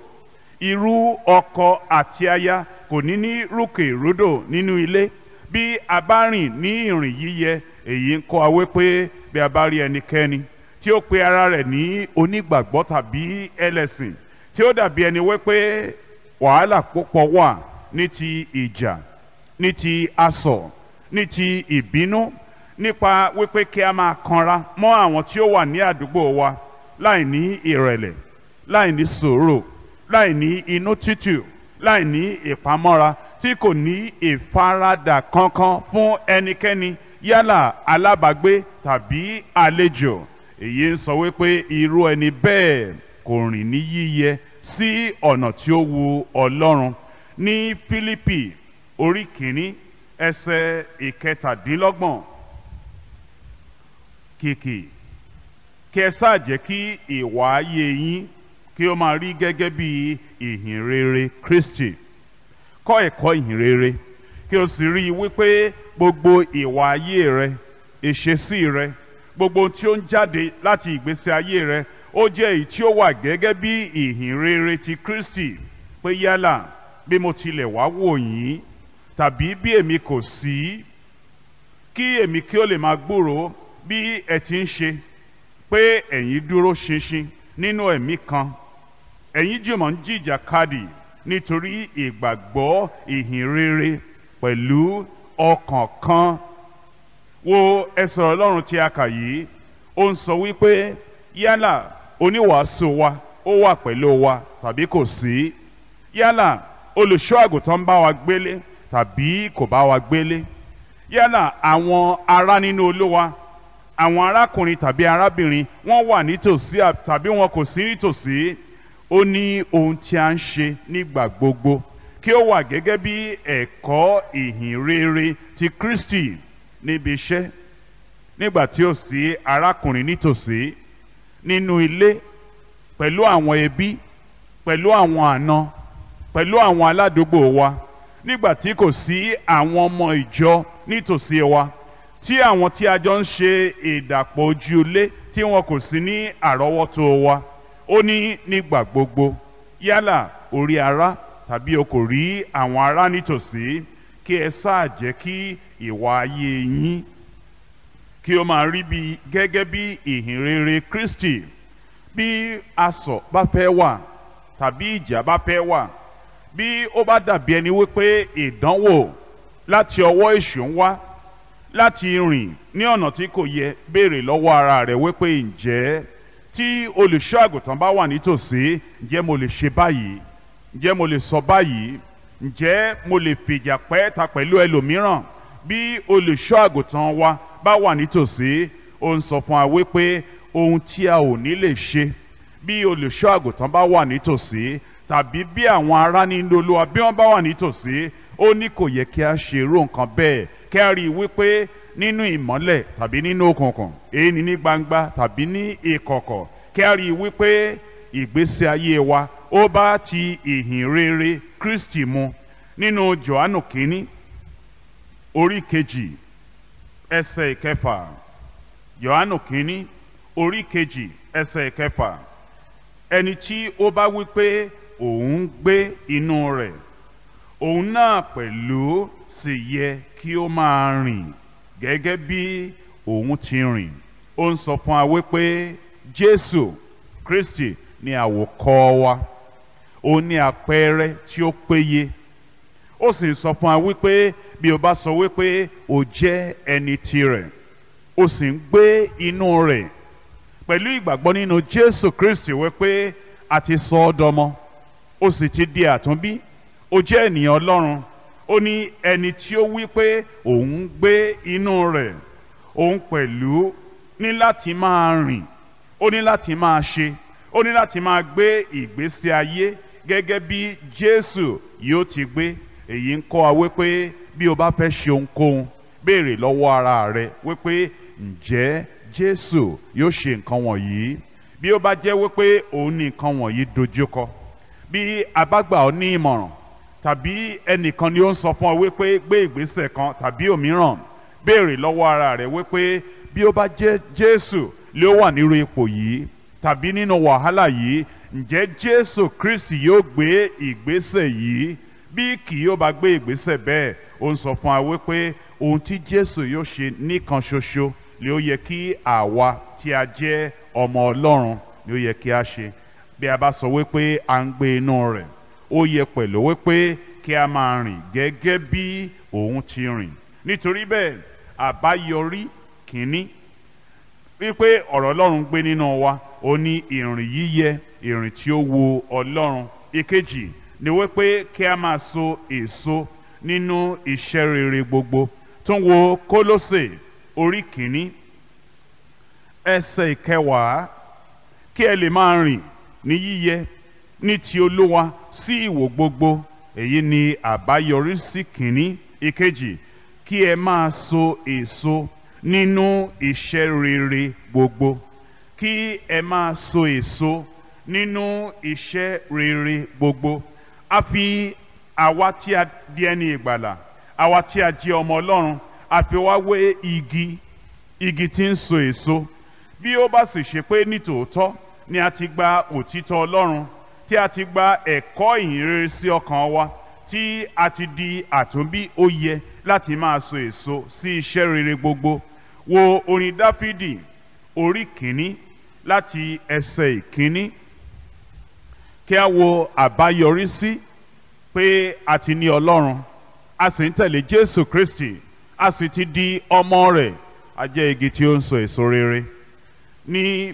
irú ọkọ àti aya kò ní ní rúkèrúdò nínú ilé bí a bá rìn ní ìrìn yíyẹ èyí ń kọ́ awé pé bí a bá rí ẹnikẹ́ni tí ó pe ara rẹ̀ ní onígbàgbọ́ tàbí ẹlẹ́sìn tí ó dàbí ẹni wípé wàhálà púpọ̀ wà ní ti ìjà ní ti asọ̀ ní ti ìbínú nípa wípé kí a máa kanra mọ́ àwọn tí ó wà ní àdúgbò wa láì ní ìrẹ̀lẹ̀ láì ní sùúrù láì ní inú títù láì ní ìpamọ́ra tí kò ní ìfaradà kankan fún ẹnikẹ́ni yálà alábàágbé tàbí àlejò èyí ń sọ wípé irú ẹni bẹ́ẹ̀ kò rìn ní yíyẹ sí ọ̀nà tí ó wu ọlọ́run ní Fílípì orí kìíní ẹsẹ̀ ìkẹtàdínlọ́gbọ̀n kìkì kí ẹ kí ìwà ayé yín kí ó máa rí gẹ́gẹ́ bí ìhìn Kristi kọ́ ẹ̀kọ́ ìhìn rere kí o sì rí i wípé gbogbo ìwà ayé rẹ ìṣesí rẹ gbogbo tí ó ń jáde láti ìgbésí ayé rẹ ó jẹ́ èyí tí ó wà gẹ́gẹ́ bí ìhìn ti Kristi pé yálà bí mo tilẹ̀ wá wò yín tàbí bí èmi kò sí kí èmi kí ó lè máa gbúròó bí ẹ ti ń ṣe pé ẹ̀yin dúró ṣinṣin nínú ẹ̀mí kan ẹ̀yin jùmọ̀ ń jìjàkadì nítorí ìgbàgbọ́ ìhìn rere pẹ̀lú ọkàn kan wo ẹsẹ̀ ọlọ́run tí a kà yìí ó ń sọ wípé yálà oníwàásù wa ó wà pẹ̀lú wa tàbí kò sí yálà olùṣọ́ àgùntàn bá wa gbélé tàbí kò bá wa gbélé yálà àwọn ará nínú olúwa àwọn arákùnrin tàbí arábìnrin wọ́n wà nítòsí tàbí wọn kò sí nítòsí. Si, ó ní ohun tí a ń ṣe nígbà gbogbo kí ó wà gẹ́gẹ́ bí ẹ̀kọ́ ìhìnrere ti Kristi níbi iṣẹ́ nígbà tí ó sí arákùnrin nítòsí nínú ilé pẹ̀lú àwọn ẹbí pẹ̀lú àwọn àna pẹ̀lú àwọn aládùúgbò wa nígbà tí kò sí àwọn ọmọ ìjọ nítòsí wa tí àwọn tí a jọ ń ṣe ìdàpọ̀ ojúlé tí wọn kò sí ní àrọ́wọ́tó wa ó ní nígbà gbogbo yálà orí ara tàbí o kò rí àwọn ará nítòsí kí ẹ sáà jẹ́ kí ìwà ayé yín kí ó máa rí bí gẹ́gẹ́ bí ìhìn Kristi bí asọ̀ bá fẹ́ wà tàbí ìjà bá fẹ́ wà bí ó bá dàbí ẹni wípé ìdánwò láti ọwọ́ èṣù ń wá láti rìn ní ọ̀nà tí kò yẹ béèrè lọ́wọ́ ara rẹ̀ wípé ǹjẹ́ tí olùṣọ́ àgùntàn bá wà nítòsí ǹjẹ́ mo lè ṣe báyìí ǹjẹ́ mo lè sọ báyìí ǹjẹ́ mo lè fìjà pẹ́ ta pẹ̀lú ẹlòmíràn bí olùṣọ́ àgùntàn wa bá wà nítòsí ó ń sọ fún wa wípé ohun tí a ò ní lè ṣe bí olùṣọ́ àgùntàn bá wà nítòsí tàbí bí àwọn ará nínú olúwa bí wọ́n bá wà nítòsí ó ní kò yẹ kí a ṣe irú nǹkan bẹ́ẹ̀ kí a rí i wípé nínú ìmọ́lẹ̀ tàbí nínú òkùnkùn èyí ní gbangba tàbí ní ìkọ̀kọ̀ kí a rí i wípé ìgbésí ayé wa ó bá ti ìhìn rere Kristi mu nínú Jòhánù kínní orí kejì ẹsẹ̀ ìkẹfà Jòhánù kínní orí kejì ẹsẹ̀ ìkẹfà ẹni tí ó bá wípé òun gbé inú rẹ̀ òun náà pẹ̀lú sì yẹ kí ó máa rìn gẹ́gẹ́ bí òun ti rìn ó ń sọ fún wa wípé Jésù Kristi ni àwòkọ́ wa ó ní àpẹẹrẹ tí ó péye ó sì ń sọ fún wa wípé bí o bá sọ wípé o jẹ́ ẹni tirẹ̀ o sì ń gbé inú rẹ̀ pẹ̀lú ìgbàgbọ́ nínú Jésù Kristi wípé a ti sọ ọ́ dọmọ o sì ti di àtúnbí o jẹ́ ènìyàn Ọlọ́run ó ní ẹni tí ó wí pé òun gbé inú rẹ̀ òun pẹ̀lú ní láti máa rìn ó ní láti máa ṣe ó ní láti máa gbé ìgbésí ayé gẹ́gẹ́ bí Jésù yóò ti gbé èyí ń kọ́ wa wípé bí o bá fẹ́ ṣe ohunkóhun béèrè lọ́wọ́ ara rẹ wípé ǹjẹ́ Jésù yóò ṣe nǹkan wọ̀nyí bí ó bá jẹ́ wípé òun ní nǹkan wọ̀nyí dojúkọ bí a bá ní ìmọ̀ràn tàbí ẹnìkan ni ó ń sọ fún ọ wípé gbé ìgbésẹ̀ kan tàbí òmíràn béèrè lọ́wọ́ ara rẹ̀ wípé bí ó bá jẹ́ Jésù lé ó wà nírú ipò yìí tàbí nínú wàhálà yìí ǹjẹ́ Jésù Kristi yóò gbé ìgbésẹ̀ yìí bí kì yóò bá gbé ìgbésẹ̀ bẹ́ẹ̀ ó ń sọ fún wa wípé ohun tí Jésù yóò ṣe nìkan ṣoṣo lé ó yẹ kí àwa tí a jẹ́ ọmọ Ọlọ́run lé ó yẹ kí a ṣe bí a bá sọ wípé à ń gbé inú rẹ̀ ó yẹ pẹ̀lú wípé kí a máa rìn gẹ́gẹ́ bí òun ti rìn nítorí bẹ́ẹ̀ àbáyọrí kìíní wípé ọ̀rọ̀ ọlọ́run gbé nínú wa ó ní ìrìn yíyẹ ìrìn tí ó wo ọlọ́run ìkejì ni wípé kí a máa so èso nínú iṣẹ́ rere gbogbo tó ń wo kólósè orí kìíní ẹsẹ̀ ìkẹwàá kí ẹ lè máa rìn ní yíyẹ ní ti olúwa sí ìwò gbogbo èyí ni àbáyọrísí kìíní ìkejì kí ẹ máa so èso nínú iṣẹ́ rere gbogbo kí ẹ máa so èso nínú iṣẹ́ rere gbogbo a fi àwa tí a di ẹni ìgbàlà àwa tí a jẹ́ ọmọ ọlọ́run a fi wá wé igi igi tí ń so èso bí ó bá sì ṣe pé nítòótọ́ ni a ti gba òtítọ́ ọlọ́run tí a ti gba ẹ̀kọ́ ìhìnrere sí ọkàn wa tí a ti di àtúnbí ó yẹ láti máa so èso sí iṣẹ́ rere gbogbo wo orin dáfídì orí kìíní láti ẹsẹ̀ ìkíní kí a wo àbáyọrí sí pé a ti ní ọlọ́run a sì ń tẹ̀lé jésù kristi a sì ti di ọmọ rẹ̀ a jẹ́ igi tí ó ń so èso rere ní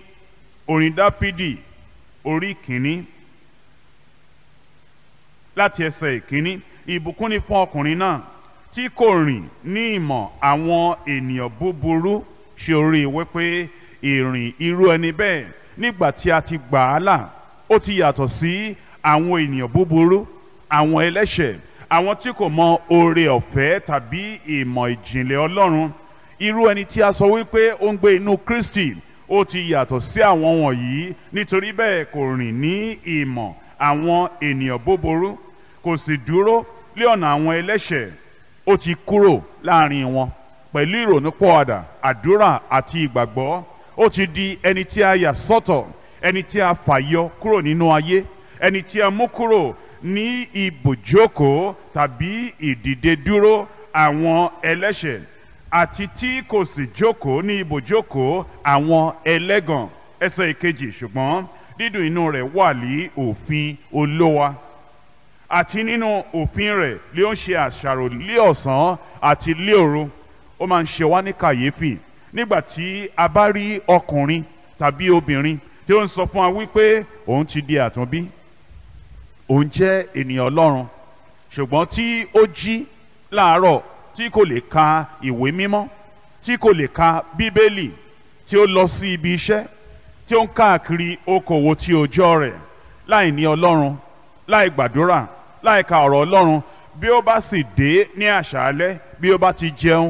orin dáfídì orí kìíní láti ẹsẹ̀ ìkíní ìbùkún ni fún ọkùnrin náà tí kò rìn ní ìmọ̀ àwọn ènìyàn búburú ṣe orí wípé ìrìn irú ẹni bẹ́ẹ̀ nígbà tí a ti gbà á là ó ti yàtọ̀ sí àwọn ènìyàn búburú àwọn ẹlẹ́ṣẹ̀ àwọn tí kò mọ oore ọ̀fẹ́ tàbí ìmọ̀ ìjìnlẹ̀ Ọlọ́run irú ẹni tí a sọ wípé ó ń gbé inú Kristi ó ti yàtọ̀ sí àwọn wọ̀nyí nítorí bẹ́ẹ̀ kò rìn ní ìmọ̀ àwọn ènìyàn búburú kò sì dúró lé ọ̀nà àwọn ẹlẹ́ṣẹ̀ ó ti kúrò láàrin wọn pẹ̀lú ìrònúpọ̀wàdà àdúrà àti ìgbàgbọ́ ó ti di ẹni tí a yà sọ́tọ̀ ẹni tí a fàyọ kúrò nínú ayé ẹni tí a mú kúrò ní ibùjókòó tàbí ìdìde dúró àwọn ẹlẹ́ṣẹ̀ àti tí kò sì jókòó ní ibùjókòó àwọn ẹlẹ́gàn ẹsẹ̀ ìkejì ṣùgbọ́n dídùn inú rẹ̀ wà ní òfin olówa àti nínú òfin rẹ̀ lé ó ń ṣe àṣàrò lé ọ̀sán àti lé òru ó máa ń ṣe wá ní kàyéfì nígbà tí a bá rí ọkùnrin tàbí obìnrin tí ó ń sọ fún wa wípé òun ti di àtúnbí òun jẹ́ ènìyàn ọlọ́run ṣùgbọ́n tí ó jí láàárọ̀ tí kò lè ka ìwé mímọ́ tí kò lè ka bíbélì tí ó lọ sí ibi iṣẹ́ tí ó ń káàkiri okòwò ti òjọ́ rẹ̀ láì ní ọlọ́run láì gbàdúrà láìka ọ̀rọ̀ ọlọ́run bí ó bá sì dé ní àṣálẹ́ bí ó bá ti jẹun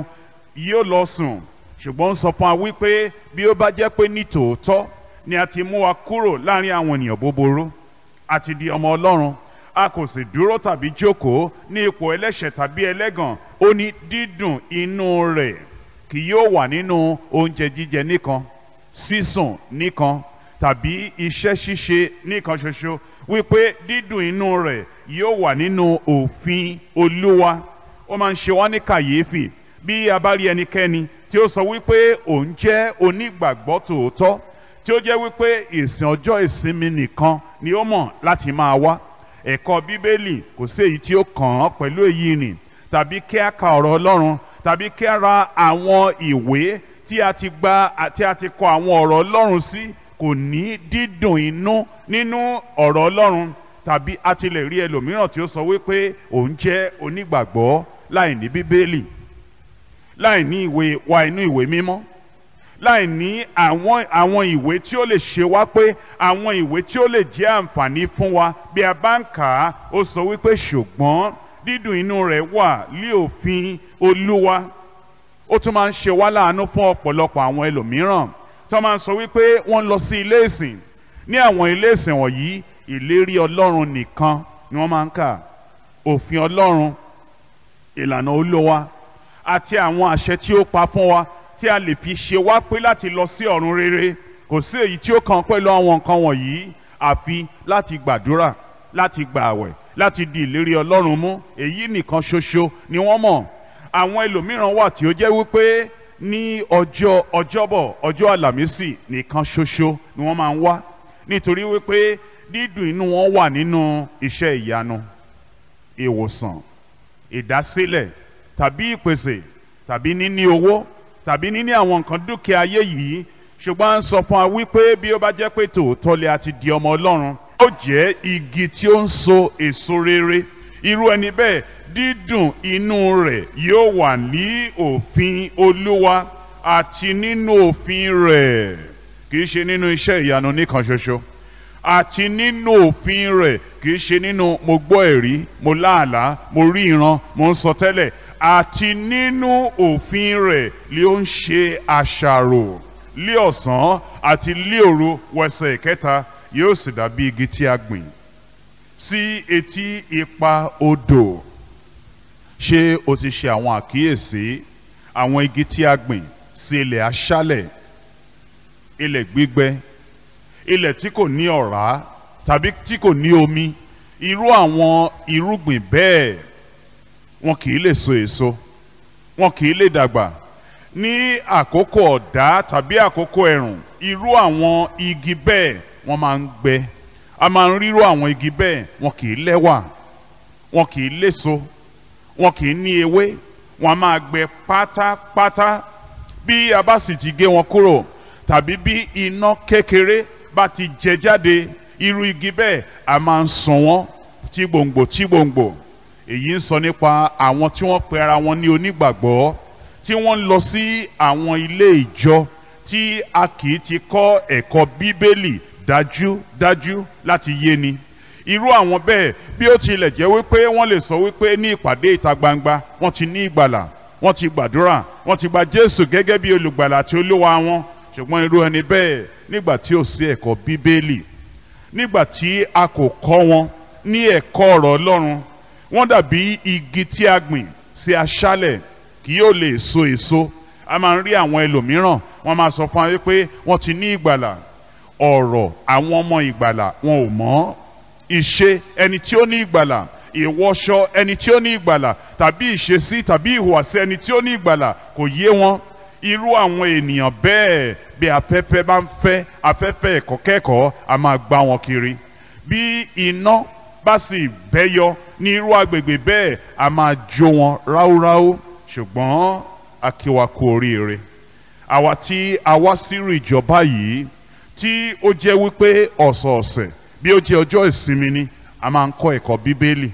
yóò lọ sùn ṣùgbọ́n sọ fún wa wípé bí ó bá jẹ́ pé ní tòótọ́ ni a ti mú wa kúrò láàrin àwọn ènìyàn búburú a ti di ọmọ ọlọ́run a kò sì dúró tàbí jókòó ní ipò ẹlẹ́ṣẹ̀ tàbí ẹlẹ́gàn ó ní dídùn inú rẹ̀ kì yóò wà nínú oúnjẹ jíjẹ nìkan sísùn nìkan tàbí iṣẹ́ ṣíṣe nìkan ṣoṣo wípé dídùn inú rẹ̀ yóò wà nínú òfin olúwa ó máa ń ṣe wá ní kàyéfì bí a bá rí ẹnikẹ́ni tí ó sọ wípé òun jẹ́ onígbàgbọ́ tòótọ́ tí ó jẹ́ wípé ìsìn ọjọ́ ìsinmi nìkan ni ó mọ̀ láti máa wá ẹ̀kọ́ bíbélì kò sí èyí tí ó kàn án pẹ̀lú èyí nì tàbí kí a ka ọ̀rọ̀ ọlọ́run tàbí kí a ra àwọn ìwé tí a ti gba tí a ti kọ àwọn ọ̀rọ̀ ọlọ́run sí kò ní dídùn inú nínú ọ̀rọ̀ ọlọ́run tàbí a ti lè rí ẹlòmíràn tí ó sọ wípé òun jẹ́ onígbàgbọ́ láì ní bíbélì láì ní ìwé wa inú ìwé mímọ́ láì ní àwọn àwọn ìwé tí ó lè ṣe wá pé àwọn ìwé tí ó lè jẹ́ àǹfààní fún wa bí a bá ń kà á ó sọ wípé ṣùgbọ́n dídùn inú rẹ̀ wà lé òfin olúwa ó tún máa ń ṣe wá láàánú fún ọ̀pọ̀lọpọ̀ àwọn ẹlòmíràn tó máa ń sọ wípé wọ́n lọ sí ilé ìsìn ní àwọn ilé ìsìn wọ̀nyí ìlérí ọlọ́run nìkan ni wọ́n máa ń kà òfin ọlọ́run ìlànà olówa àti àwọn àṣẹ tí ó pa fún wa tí a lè fi ṣe wá pé láti lọ sí ọ̀run rere kò sí èyí tí ó kàn pẹ̀lú àwọn nǹkan wọ̀nyí àfi láti gbàdúrà láti gbà àwẹ̀ láti di ìlérí ọlọ́run mú èyí nìkan ṣoṣo ni wọ́n mọ̀ àwọn ẹlòmíràn wà tí ó jẹ́ wípé ní ọjọ́ ọjọ́bọ̀ ọjọ́ àlàmísì nìkan ṣoṣo ni wọ́n máa ń wá nítorí wípé dídùn inú wọn wà nínú iṣẹ́ ìyanu ìwòsàn ìdásílẹ̀ tàbí ìpèsè tàbí níní owó tàbí níní àwọn nǹkan dúkìá ayé yìí ṣùgbọ́n à ń sọ fún wa wípé bí ó bá jẹ́ pé tòótọ́ lè àti di ọmọ Ọlọ́run ó jẹ́ igi tí ó ń so èso rere irú ẹni bẹ́ẹ̀ dídùn inú rẹ̀ yóò wà ní òfin Olúwa àti nínú òfin rẹ̀ kì í ṣe nínú iṣẹ́ ìyanu nìkan ṣoṣo àti nínú òfin rẹ̀ kì í ṣe nínú mo gbọ́ ẹ̀rí mo láàlá mo rí ìran mo ń sọ tẹ́lẹ̀ àti nínú òfin rẹ̀ lé ó ń ṣe àṣàrò lé ọ̀sán àti lé òru wẹsẹ̀ ìkẹta yóò sì dàbí igi tí a gbìn sí etí ipa odò ṣé o ti ṣe àwọn àkíyèsí àwọn igi tí a gbìn sí ilẹ̀ aṣálẹ̀ ilẹ̀ gbígbẹ ilẹ̀ tí kò ní ọ̀rá tàbí tí kò ní omi irú àwọn irúgbìn bẹ́ẹ̀ wọn kì í lè so èso wọn kì í lè dàgbà ní àkókò ọ̀dá tàbí àkókò ẹ̀rùn irú àwọn igi bẹ́ẹ̀ wọ́n máa ń gbẹ a máa ń rírú àwọn igi bẹ́ẹ̀ wọn kì í lẹ́wà wọn kì í léso wọn kì í ní ewé wọn a máa gbẹ pátápátá bí a bá sì ti gé wọn kúrò tàbí bí iná kékeré bá ti jẹ jáde irú igi bẹ́ẹ̀ a máa ń sàn wọ́n tí gbòǹgbò tí gbòǹgbò èyí ń sọ nípa àwọn tí wọ́n pe ara wọn ní onígbàgbọ́ tí wọ́n lọ sí àwọn ilé ìjọ tí a kì í ti kọ́ ẹ̀kọ́ bíbélì dájúdájú láti yé ni irú àwọn bẹ́ẹ̀ bí ó tilẹ̀ jẹ́ wípé wọ́n lè sọ wípé ní ìpàdé ìta gbangba wọ́n ti ní ìgbàlà wọ́n ti gbàdúrà wọ́n ti gba Jésù gẹ́gẹ́ bí olùgbàlà àti olúwa wọn ṣùgbọ́n irú ẹni bẹ́ẹ̀ nígbà tí ó sí ẹ̀kọ́ bíbélì nígbà tí a kò kọ́ wọn ní ẹ̀kọ́ ọ̀rọ̀ ọlọ́run wọ́n dàbí igi tí a gbìn sí aṣálẹ̀ kì yóò lè so èso a máa ń rí àwọn ẹlòmíràn wọ́n máa sọ fún wa pé wọ́n ti ní ìgbàlà ọ̀rọ̀ àwọn ọmọ ìgbàlà wọn ò mọ̀ ìṣe ẹni tí ó ní ìgbàlà ìwọṣọ ẹni tí ó ní ìgbàlà tàbí ìṣesí tàbí ìhùwàsí ẹni tí ó ní ìgbàlà kò yé wọn irú àwọn ènìyàn bẹ́ẹ̀ bí afẹ́fẹ́ bá ń fẹ́ afẹ́fẹ́ ẹ̀kọ́ kẹ́kọ̀ọ́ a máa gbá wọn kiri bí iná bá sì bẹ́yọ ní irú agbègbè bẹ́ẹ̀ a máa jó wọn ráúráú ṣùgbọ́n a kí wa kú oríire àwa tí a wá sírú ìjọba yìí tí ó jẹ́ wípé ọ̀sọ̀ọ̀sẹ̀ bí ó jẹ́ ọjọ́ ìsinmi ni a máa ń kọ́ ẹ̀kọ́ bíbélì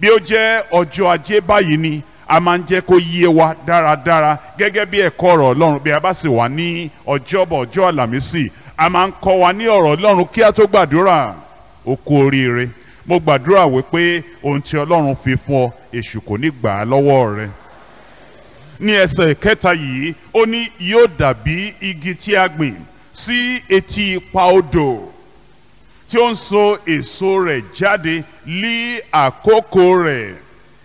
bí ó jẹ́ ọjọ́ ajé báyìí ni a máa ń jẹ́ kó yé wa dáradára gẹ́gẹ́ bí ẹ̀kọ́ ọ̀rọ̀ ọlọ́run bí a bá sì wà ní ọjọ́bọ̀ ọjọ́ àlàmísì a máa ń kọ́ wa ní ọ̀rọ̀ ọlọ́run kí a tó gbàdúrà ó kú oríire mo gbàdúrà wípé ohun tí ọlọ́run fi fún ọ èṣù kò ní gbà á lọ́wọ́ rẹ ní ẹsẹ̀ kẹta yìí ó ní yóò dàbí igi tí a gbìn sí etí ipa odò tí ó ń so èso rẹ̀ jáde lí àkókò rẹ̀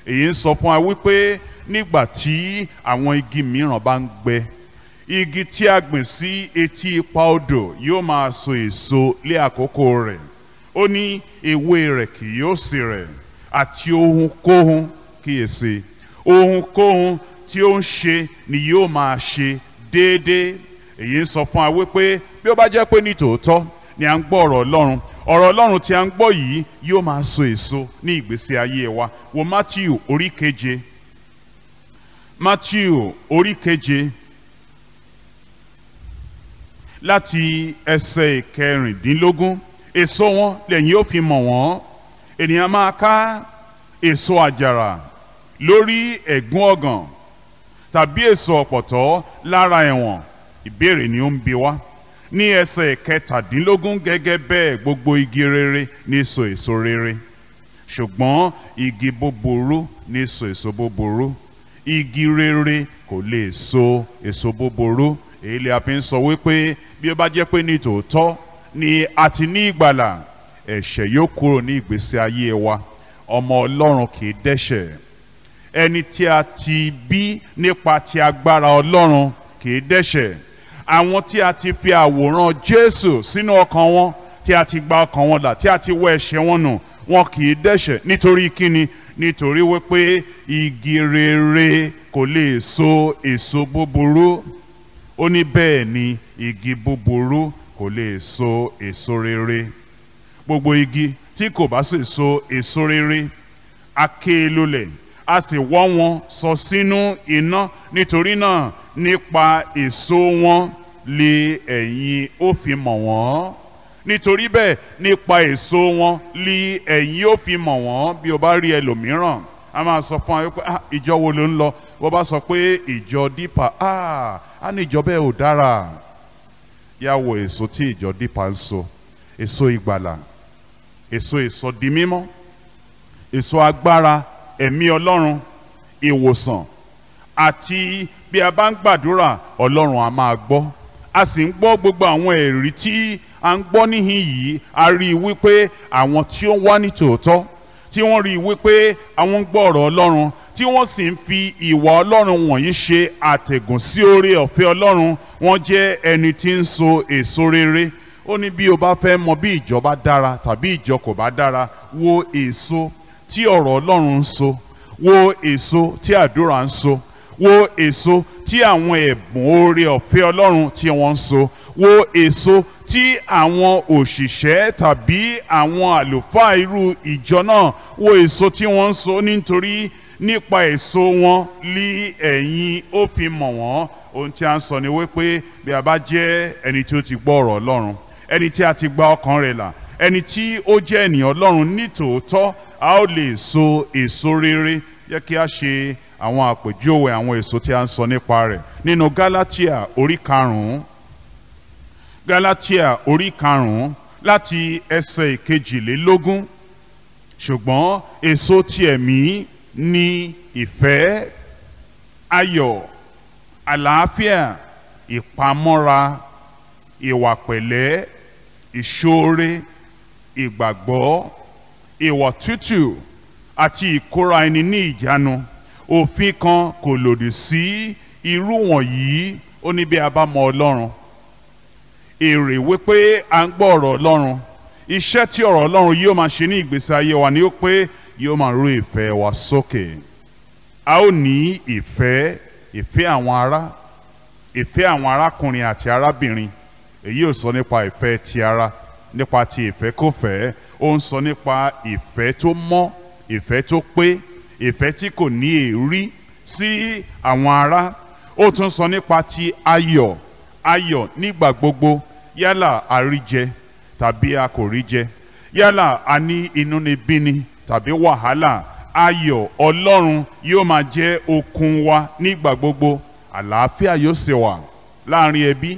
èyí ń sọ fún wa wípé nígbà tí àwọn igi mìíràn bá ń gbẹ igi tí a gbìn sí etí ipa odò yóò máa so èso lé àkókò rẹ̀ ó ní ewé rẹ̀ kì yóò sì rẹ̀ àti ohunkóhun kíyèsí ohunkóhun tí ó ń ṣe ni yóò máa ṣe déédéé èyí ń sọ fún wa wípé bí ó bá jẹ́ pé ní tòótọ́ ni à ń gbọ́ ọ̀rọ̀ Ọlọ́run ọ̀rọ̀ ọlọ́run tí a ń gbọ́ yìí yóò máa so èso ní ìgbésí ayé wa wo matthew orí keje matthew orí keje láti ẹsẹ̀ ìkẹrìndínlógún èso wọn lẹ́yìn yóò fi mọ̀ wọ́n ènìyàn máa ká èso àjàrà lórí ẹ̀gún ọ̀gàn tàbí èso ọ̀pọ̀tọ́ lára ẹ̀wọ̀n ìbéèrè ni ó ń bi wá ní ẹsẹ̀ kẹtàdínlógún gẹ́gẹ́ bẹ́ẹ̀ gbogbo igi rere ní so èso rere ṣùgbọ́n igi búburú ní so èso búburú igi rere kò lè so èso búburú èyí lè a fi ń sọ wípé bí ó bá jẹ́ pé ní tòótọ́ ni a ti ní ìgbàlà ẹ̀ṣẹ̀ yóò kúrò ní ìgbésí ayé wa ọmọ ọlọ́run kì í dẹ́ṣẹ̀ ẹni tí a ti bí nípa ti agbára ọlọ́run kì í dẹ́ṣẹ̀ àwọn tí a ti fi àwòrán Jésù sínú ọkàn wọn tí a ti gba ọkàn wọn là tí a ti wọ ẹ̀ṣẹ̀ wọn nù wọn kì í dẹ́ṣẹ̀ nítorí kíni nítorí wípé igi rere kò lè so èso búburú ó ní bẹ́ẹ̀ ni igi búburú kò lè so èso rere gbogbo igi tí kò bá sì so èso rere a ké e lulẹ̀ a sì wọ́ wọn sọ sínú iná nítorí náà nípa èso wọn lé ẹ̀yin ó fi mọ̀ wọ́n nítorí bẹ́ẹ̀ nípa èso wọn lé ẹ̀yin ó fi mọ̀ wọ́n bí o bá rí ẹlòmíràn a máa sọ fún ayọ́ pé ah, ìjọ wo ló ń lọ wọ́n bá sọ pé ìjọ dípà á ah, ní ìjọ bẹ́ẹ̀ ò dára yà wò èso tí ìjọ dípà ń so èso ìgbàlà èso ìsọdi èso agbára ẹ̀mí ọlọ́run ìwòsàn àti bí a bá ń gbàdúrà ọlọ́run a máa gbọ́ a sì ń gbọ́ gbogbo àwọn ẹ̀rí tí a ń gbọ́ níhìn yìí a rí i wípé àwọn tí ó wá ní tòótọ́ tí wọ́n rí i wípé àwọn ń gbọ́ ọ̀rọ̀ ọlọ́run tí wọ́n sì ń fi ìwà ọlọ́run wọ̀nyí ṣe àtẹ̀gùn sí oore ọ̀fẹ́ ọlọ́run wọ́n jẹ́ ẹni tí ń so èso rere ó ní bí o bá fẹ́ mọ bí ìjọ bá dára tàbí ìjọ kò bá dára wo èso tí ọ̀rọ̀ ọlọ́run ń so wo èso tí àdúrà ń so wo èso tí àwọn ẹ̀bùn oore ọ̀fẹ́ ọlọ́run tí wọ́n ń so wo èso tí àwọn òṣìṣẹ́ tàbí àwọn àlùfáà irú ìjọ náà wo èso tí wọ́n ń so nítorí nípa èso wọn lí ẹ̀yin ó fi mọ̀ wọ́n ohun tí a ń sọ ni wípé bí a bá jẹ́ ẹni tí ó ti gbọ́ ọ̀rọ̀ ọlọ́run ẹni tí a ti gba ọkàn rẹ̀ là ẹni tí ó jẹ́ ènìyàn ọlọ́run nítòótọ́ a ó lè so èso rere yẹ kí a ṣe àwọn àpèjúwe àwọn èso tí a ń sọ nípa rẹ̀ nínú galatia orí karùn-ún Gálátíà orí karùn-ún láti ẹsẹ̀ ìkejìlélógún ṣùgbọ́n èso ti ẹ̀mí ni ìfẹ́ ayọ̀ àlàáfíà ìpamọ́ra ìwà pẹ̀lẹ́ ìṣoore ìgbàgbọ́ ìwà tútù àti ìkóra ẹni ní ìjánu òfin kan kò lòdì sí irú wọ̀nyí ó ní bí a bá mọ ọlọ́run èrè wípé à ń gbọ́ ọ̀rọ̀ ọlọ́run iṣẹ́ tí ọ̀rọ̀ ọlọ́run yóò máa ṣe ní ìgbésí ayé wa ni ó pé yóò máa rú ìfẹ́ wa sókè a ó ní ìfẹ́ ìfẹ́ àwọn ará ìfẹ́ àwọn arákùnrin àti arábìnrin èyí ò sọ nípa ìfẹ́ ti ara nípa ti ìfẹ́kọ̀fẹ́ ó ń sọ nípa ìfẹ́ tó mọ́ ìfẹ́ tó pé ìfẹ́ tí kò ní èrí sí àwọn ará ó tún sọ nípa ti ayọ̀ ayọ̀ nígbà gbogbo yálà a rí jẹ tàbí a kò rí jẹ yálà a ní inúnibíni tàbí wàhálà ayọ̀ ọlọ́run yóò máa jẹ́ okun wa nígbà gbogbo àlàáfíà yóò sì wà láàrin ẹbí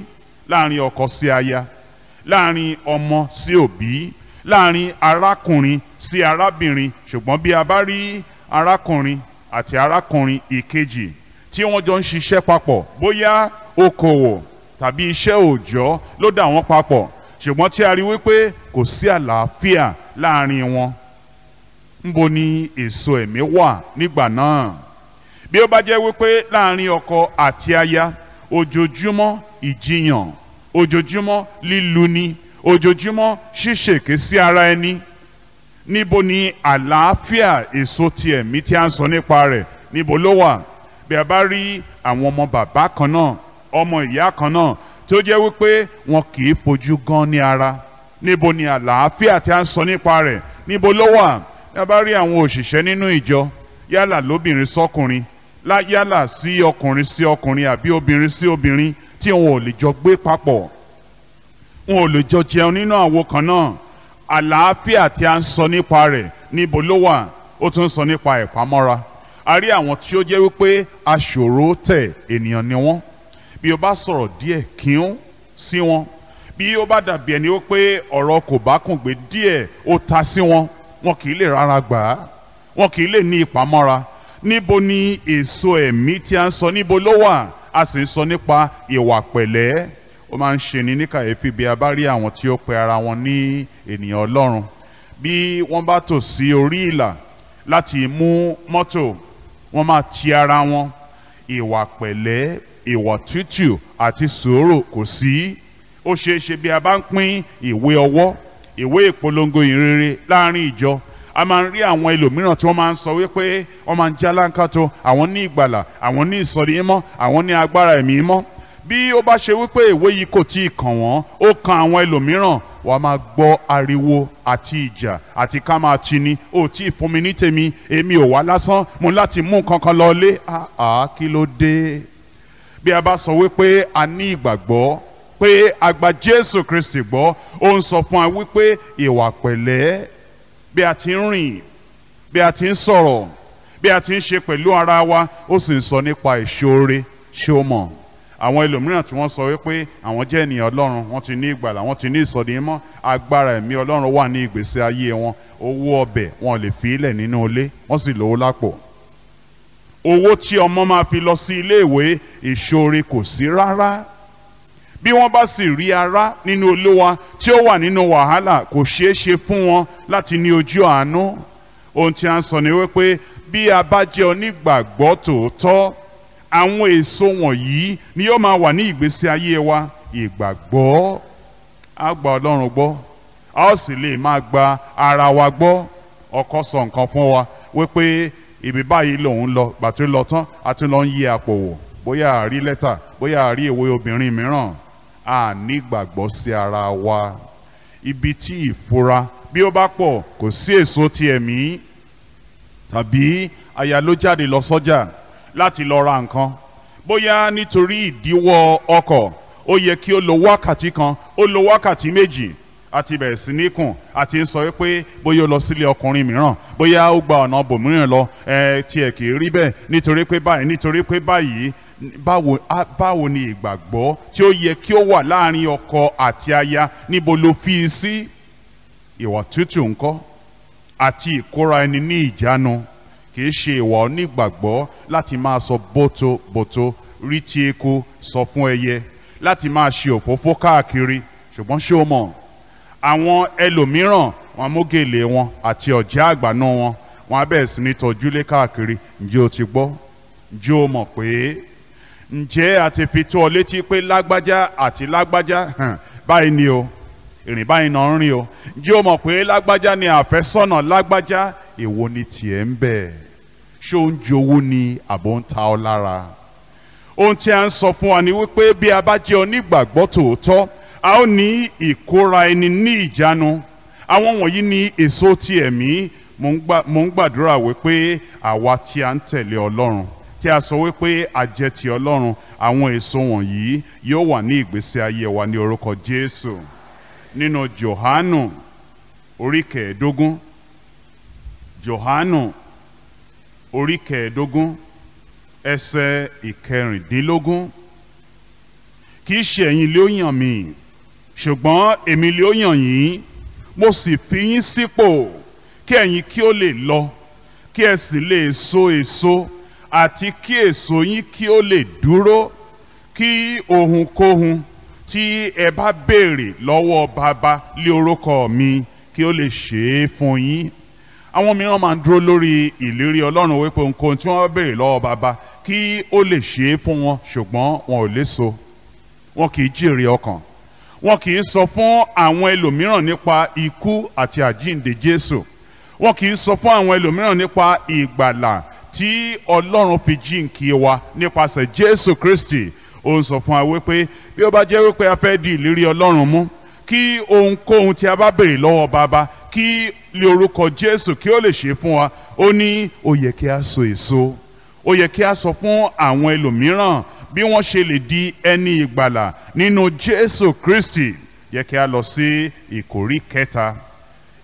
láàrin ọkọ sí aya láàrin ọmọ sí òbí láàrin arákùnrin sí arábìnrin ṣùgbọ́n bí a bá rí arákùnrin àti arákùnrin ìkejì tí wọ́n jọ ń ṣiṣẹ́ papọ̀ bóyá okòwò tàbí iṣẹ́ òòjọ́ ló dà wọ́n papọ̀ ṣùgbọ́n tí a rí wípé kò sí àlàáfíà láàrin wọn níbo ni èso ẹ̀mí wà nígbà náà bí ó bá jẹ́ wípé láàrin ọkọ àti aya ojoojúmọ́ ìjiyàn ojoojúmọ́ líluni ojoojúmọ́ ṣíṣèké sí ara ẹni níbo ni àlàáfíà èso ti ẹ̀mí tí a ń sọ nípa rẹ̀ níbo ló wà bí a bá rí àwọn ọmọ bàbá kan náà ọmọ ìyá kan náà tí ó jẹ́ wípé wọn kì í fojú gan ní ara níbo ni àlàáfíà tí a ń sọ nípa rẹ̀ níbo ló wà bí a bá rí àwọn òṣìṣẹ́ nínú ìjọ yálà lóbìnrin sọ́kùnrin yálà sí ọkùnrin sí ọkùnrin àbí obìnrin sí obìnrin tí wọn ò lè jọ gbé papọ̀ wọn ò lè jọ jẹun nínú àwo kan náà àlàáfíà tí a ń sọ nípa rẹ̀ níbo ló wà ó tún sọ nípa ìpamọ́ra a rí àwọn tí ó jẹ́ wípé aṣòro tẹ̀ ènìyàn ni wọ́n bí o bá sọ̀rọ̀ díẹ̀ kí ó sí wọn bí ó bá dàbí ẹni wípé ọ̀rọ̀ kò bá kùn gbé díẹ̀ ó ta sí wọn wọn kì í lè rárá gbà á wọn kì í lè ní ìpamọ́ra níbo ni èso ẹ̀mí tí a ń sọ níbo ló wà a sì ń sọ nípa ìwà pẹ̀lẹ́ ó máa ń ṣe ni ní kàyéfì bí a bá rí àwọn tí ó pe ara wọn ní ènìyàn ọlọ́run bí wọ́n bá tò sí orí ìlà láti mú mọ́tò wọ́n máa ti ara wọn ìwà pẹ̀lẹ́ ìwà tútù àti sùúrù kò sí ó ṣeé ṣe bí a bá ń pín ìwé ọwọ́ ìwé ìpolongo ìrere láàrin ìjọ a máa ń rí àwọn ẹlòmíràn tí wọ́n máa ń sọ wípé wọ́n máa ń jẹ́ aláǹkàtó àwọn ní ìgbàlà àwọn ní ìsọ̀rí mímọ́ àwọn ní agbára ẹ̀mí mímọ́ bí ó bá ṣe wípé ìwé yìí kò tí ì kàn wọ́n ó kan àwọn ẹlòmíràn wàá máa gbọ́ ariwo àti ìjà àti ká máa tini ó tí ì fún mi ní tèmi èmi ò wá lásán mo láti mú kankan lọ lé àá kí ló dé bí a bá sọ wípé a ní ìgbàgbọ́ pé a gba Jésù Kristi gbọ́ ó ń sọ fún wa wípé ìwà pẹ̀lẹ́ bí a ti ń rìn bí a ti ń sọ̀rọ̀ bí a ti ń ṣe pẹ̀lú ara wa ó sì ń sọ nípa ìṣoore ṣé o mọ̀ àwọn ẹlòmíràn tí wọ́n sọ wípé àwọn jẹ́ ènìyàn ọlọ́run wọ́n ti ní ìgbàlà wọ́n ti ní ìsọdìmọ́ agbára ẹ̀mí ọlọ́run wà ní ìgbésí ayé wọn owó ọbẹ̀ wọn lè fi ilẹ̀ nínú ilé wọ́n sì lówó lápò owó tí ọmọ máa fi lọ sí ilé ìwé ìṣòro kò sí rárá bí wọ́n bá sì rí ara nínú olúwa tí ó wà nínú wàhálà kò ṣeé ṣe fún wọn láti ní ojú àánú ohun tí a ń sọ ni wípé bí a bá jẹ́ onígbàgbọ́ tòótọ́ àwọn èso wọ̀nyí ni yóò máa wà ní ìgbésí ayé wa ìgbàgbọ́ a gba ọlọ́run gbọ́ a ó sì lè máa gba ara wa gbọ́ ọkọ sọ nǹkan fún wa wípé ibi báyìí lòun lọ bàtí lọ tán àti lọ ń yí àpò wò bóyá a lẹ́tà bóyá a ìwé obìnrin mìíràn a ní gbàgbọ́ sí ara wa ibi tí ìfura bí ó bá pọ̀ kò sí èso ti ẹ̀mí tàbí aya ló jáde lọ sọ́jà. So láti lọ ra nǹkan bóyá nítorí ìdíwọ́ ọkọ̀ ó yẹ kí ó lo wákàtí kan ó lo wákàtí méjì àti bẹ̀rẹ̀ sí ní kùn àti ń sọ pé bóyá ó lọ sílé ọkùnrin mìíràn bóyá ó gba ọ̀nà bòmíràn lọ ẹ tiẹ̀ kì í rí bẹ́ẹ̀ nítorí pé báyìí nítorí pé báyìí báwo báwo ni ìgbàgbọ́ tí ó yẹ kí ó wà láàrin ọkọ àti aya níbo ló fi sí ìwà tútù ńkọ́ àti ìkóra ẹni ní ìjánu kì í ṣe ìwà onígbàgbọ́ láti máa sọ bótobóto rí ti eku sọ fún ẹyẹ láti máa ṣe òfófó káàkiri ṣùgbọ́n ṣé o mọ̀ àwọn ẹlòmíràn wọn amógèlè wọn àti ọ̀já àgbàná wọn wọn abẹ́ sí ní tọ́júlé káàkiri ǹjẹ́ o ti gbọ́ ǹjẹ́ o mọ̀ pé ǹjẹ́ a fi tó ọ létí pé lágbájá àti lágbájá báyìí ni o ìrìn báyìí náà ń rìn o ǹjẹ́ o mọ̀ pé lágbájá ni àfẹ́sọ́nà lágbájá èwo ni tiẹ̀ ń bẹ ṣé ó ń jẹ owó ni àbò ń ta ọ lára ohun tí a ń sọ fún wa ni wípé bí a bá jẹ́ onígbàgbọ́ tòótọ́ a ó ní ìkóra ẹni ní ìjánu àwọn wọ̀nyí ni èso ti ẹ̀mí mo ń gbàdúrà wípé àwa tí a ń tẹ̀lé Ọlọ́run tí a sọ wípé àjẹ ti Ọlọ́run àwọn èso wọ̀nyí yóò wà ní ìgbésí ayé wa ní orúkọ Jésù nínú Jòhánù orí kẹẹ̀ẹ́dógún Jòhánù orí kẹẹ̀ẹ́dógún ẹsẹ̀ ìkẹrìndínlógún kì í ṣe ẹ̀yin lé ó yàn mí ṣùgbọ́n èmi lé ó yàn yín mo sì fi yín sípò kí ẹ̀yin kí ó lè lọ kí ẹ sì lè so èso àti kí èso yín kí ó lè dúró kí ohunkóhun tí ẹ bá béèrè lọ́wọ́ bàbá lé orúkọ mi kí ó lè ṣe é fún yín àwọn mìíràn máa ń dúró lórí ìlérí ọlọ́run wípé nǹkan tí wọ́n béèrè lọ́wọ́ bàbá kí ó lè ṣe é fún wọn ṣùgbọ́n wọn ò léso wọn kì í jèrè ọkàn wọn kì í sọ fún àwọn ẹlòmíràn nípa ikú àti àjíǹde Jésù wọn kì í sọ fún àwọn ẹlòmíràn nípa ìgbàlà tí ọlọ́run fi jíǹkí wa nípasẹ̀ Jésù Kristi ó ń sọ fún wa wípé bí ó bá jẹ́ wípé a fẹ́ di ìlérí ọlọ́run mú kí ohunkóhun tí a bá béèrè lọ́wọ́ bàbá kí lè orúkọ Jésù kí ó lè ṣe fún wa ó ní ó yẹ kí a so èso ó yẹ kí a sọ fún àwọn ẹlòmíràn bí wọ́n ṣe lè di ẹni ìgbàlà nínú Jésù Kristi yẹ kí a lọ sí ìkórí kẹta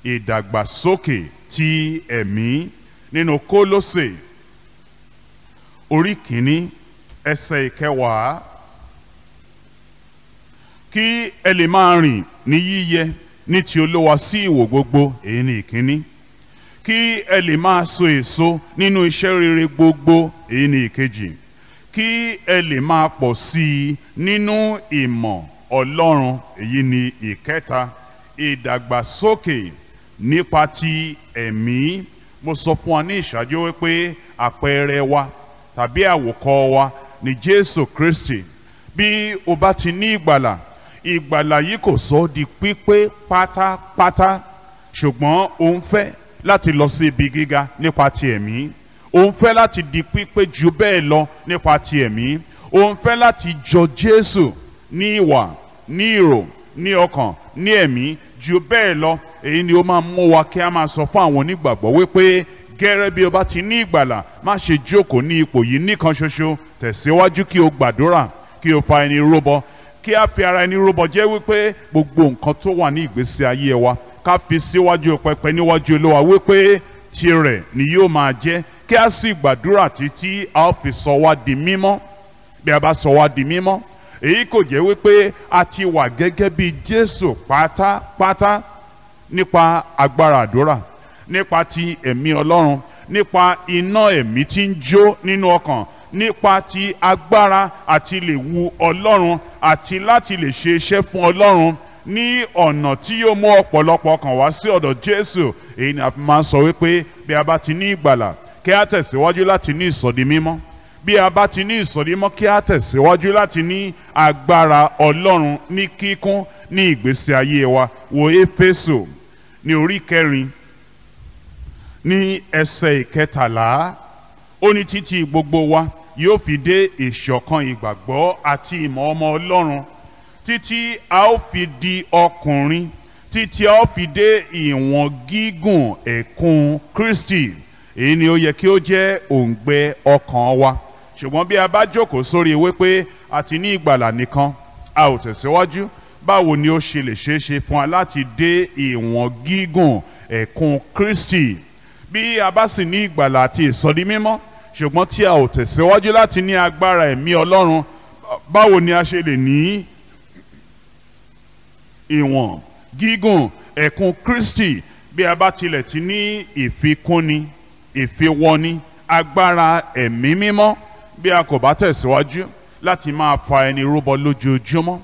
ìdàgbàsókè ti ẹ̀mí nínú Kólósè orí kìíní ẹsẹ̀ ìkẹwàá kí ẹ lè máa rìn ní yíyẹ ní ti olówa sí ìwò gbogbo èyí ni ìkíní kí ẹ lè máa so èso nínú iṣẹ́ rere gbogbo èyí ni ìkejì kí ẹ lè máa pọ̀ sí i nínú ìmọ̀ ọlọ́run èyí ni ìkẹta ìdàgbàsókè nípa ti ẹ̀mí mo sọ fún wa ní ìṣáájú wípé àpẹẹrẹ wa tàbí àwòkọ́ wa ni Jésù Kristi bí o bá ti ní ìgbàlà ìgbàlà yìí kò sọ di pípé pátápátá ṣùgbọ́n òun fẹ́ láti lọ sí ibi gíga nípa ti ẹ̀mí òun fẹ́ láti di pípé ju bẹ́ẹ̀ lọ nípa ti ẹ̀mí òun fẹ́ láti jọ Jésù ní ìwà ní ìrò ní ọkàn ní ẹ̀mí ju bẹ́ẹ̀ lọ èyí ni ó máa mú wa kí a máa sọ fún àwọn onígbàgbọ́ wípé gẹ́rẹ́ bí o bá ti ní ìgbàlà má ṣe jókòó ní ipò yìí nìkan ṣoṣo tẹ̀síwájú kí o gbàdúrà kí o fa ẹni rúbọ kí a fi ara ẹni rúbọ jẹ́ wípé gbogbo nǹkan tó wà ní ìgbésí ayé wa ká fi síwájú pẹpẹ níwájú olúwa wípé tirẹ̀ ni yóò máa jẹ́ kí a sì gbàdúrà títí a ó fi sọ wá di mímọ́ bí a bá sọ wá di mímọ́ èyí kò jẹ́ wípé a ti wà gẹ́gẹ́ bí Jésù pátápátá nípa agbára àdúrà nípa ti ẹ̀mí Ọlọ́run nípa iná ẹ̀mí tí ń jó nínú ọkàn nípa ti agbára àti lè wu ọlọ́run àti láti lè ṣe iṣẹ́ fún ọlọ́run ní ọ̀nà tí yóò mú ọ̀pọ̀lọpọ̀ kan wá sí ọ̀dọ̀ jésù èyí ni a fi máa ń sọ wípé bí a bá ti ní ìgbàlà kí a tẹ̀síwájú láti ní ìsọ̀dí mímọ́ bí a bá ti ní ìsọ̀dí mímọ́ kí a tẹ̀síwájú láti ní agbára ọlọ́run ní kíkún ní ìgbésí ayé wa wo éfésù ní orí kẹrin ní ẹsẹ̀ ìkẹtàlá ó ní títí gbogbo wa yóò fi dé ìṣọ̀kan ìgbàgbọ́ àti ìmọ̀ ọmọ ọlọ́run títí a ó fi di ọkùnrin títí a ó fi dé ìwọ̀n gígùn ẹ̀kún Kristi èyí ni ó yẹ kí ó jẹ́ òǹgbẹ ọkàn wa ṣùgbọ́n bí a bá jókòó sórí wípé a ti ní ìgbàlà nìkan a ò tẹ̀síwájú báwo ni ó ṣe lè ṣeé ṣe fún wa láti dé ìwọ̀n gígùn ẹ̀kún Kristi bí a bá sì ní ìgbàlà àti ìsọdimímọ́ ṣùgbọ́n tí a ò tẹ̀síwájú láti ní agbára ẹ̀mí Ọlọ́run báwo ni a ṣe lè ní ìwọ̀n gígùn ẹ̀kún Kristi bí a bá tilẹ̀ ti ní ìfikúnni ìfiwọ́ni agbára ẹ̀mí mímọ́ bí a kò bá tẹ̀síwájú láti máa fa ẹni rúbọ lójoojúmọ́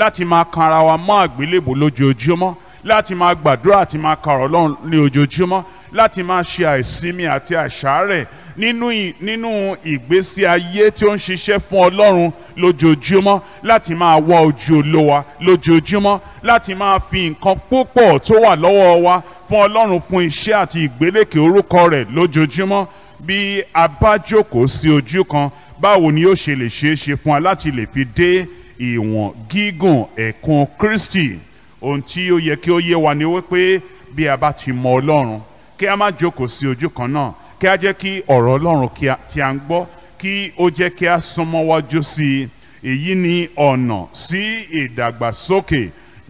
láti máa kanra wa mọ́ àgbélébò lójoojúmọ́ láti máa gbàdúrà àti máa kàrọ̀ Ọlọ́run ní ojoojúmọ́ láti máa ṣe àìsinmi àti àṣàárẹ̀ nínú nínú ìgbésí ayé tí ó ń ṣiṣẹ́ fún ọlọ́run lójoojúmọ́ láti máa wá ojú olówa lójoojúmọ́ láti máa fi nǹkan púpọ̀ tó wà lọ́wọ́ wa fún ọlọ́run fún iṣẹ́ àti ìgbélékè orúkọ rẹ̀ lójoojúmọ́ bí a bá jókòó sí ojú kan báwo ni ó ṣe lè ṣeé ṣe fún wa láti lè fi dé ìwọ̀n gígùn ẹ̀kún Kristi ohun tí ó yẹ kí ó yé wa ni wípé bí a bá ti mọ ọlọ́run kí a má jókòó sí ojú kan náà kí a jẹ́ kí ọ̀rọ̀ Ọlọ́run tí a ń gbọ́ kí ó jẹ́ kí a súnmọ́ wájú sí i èyí ni ọ̀nà sí ìdàgbàsókè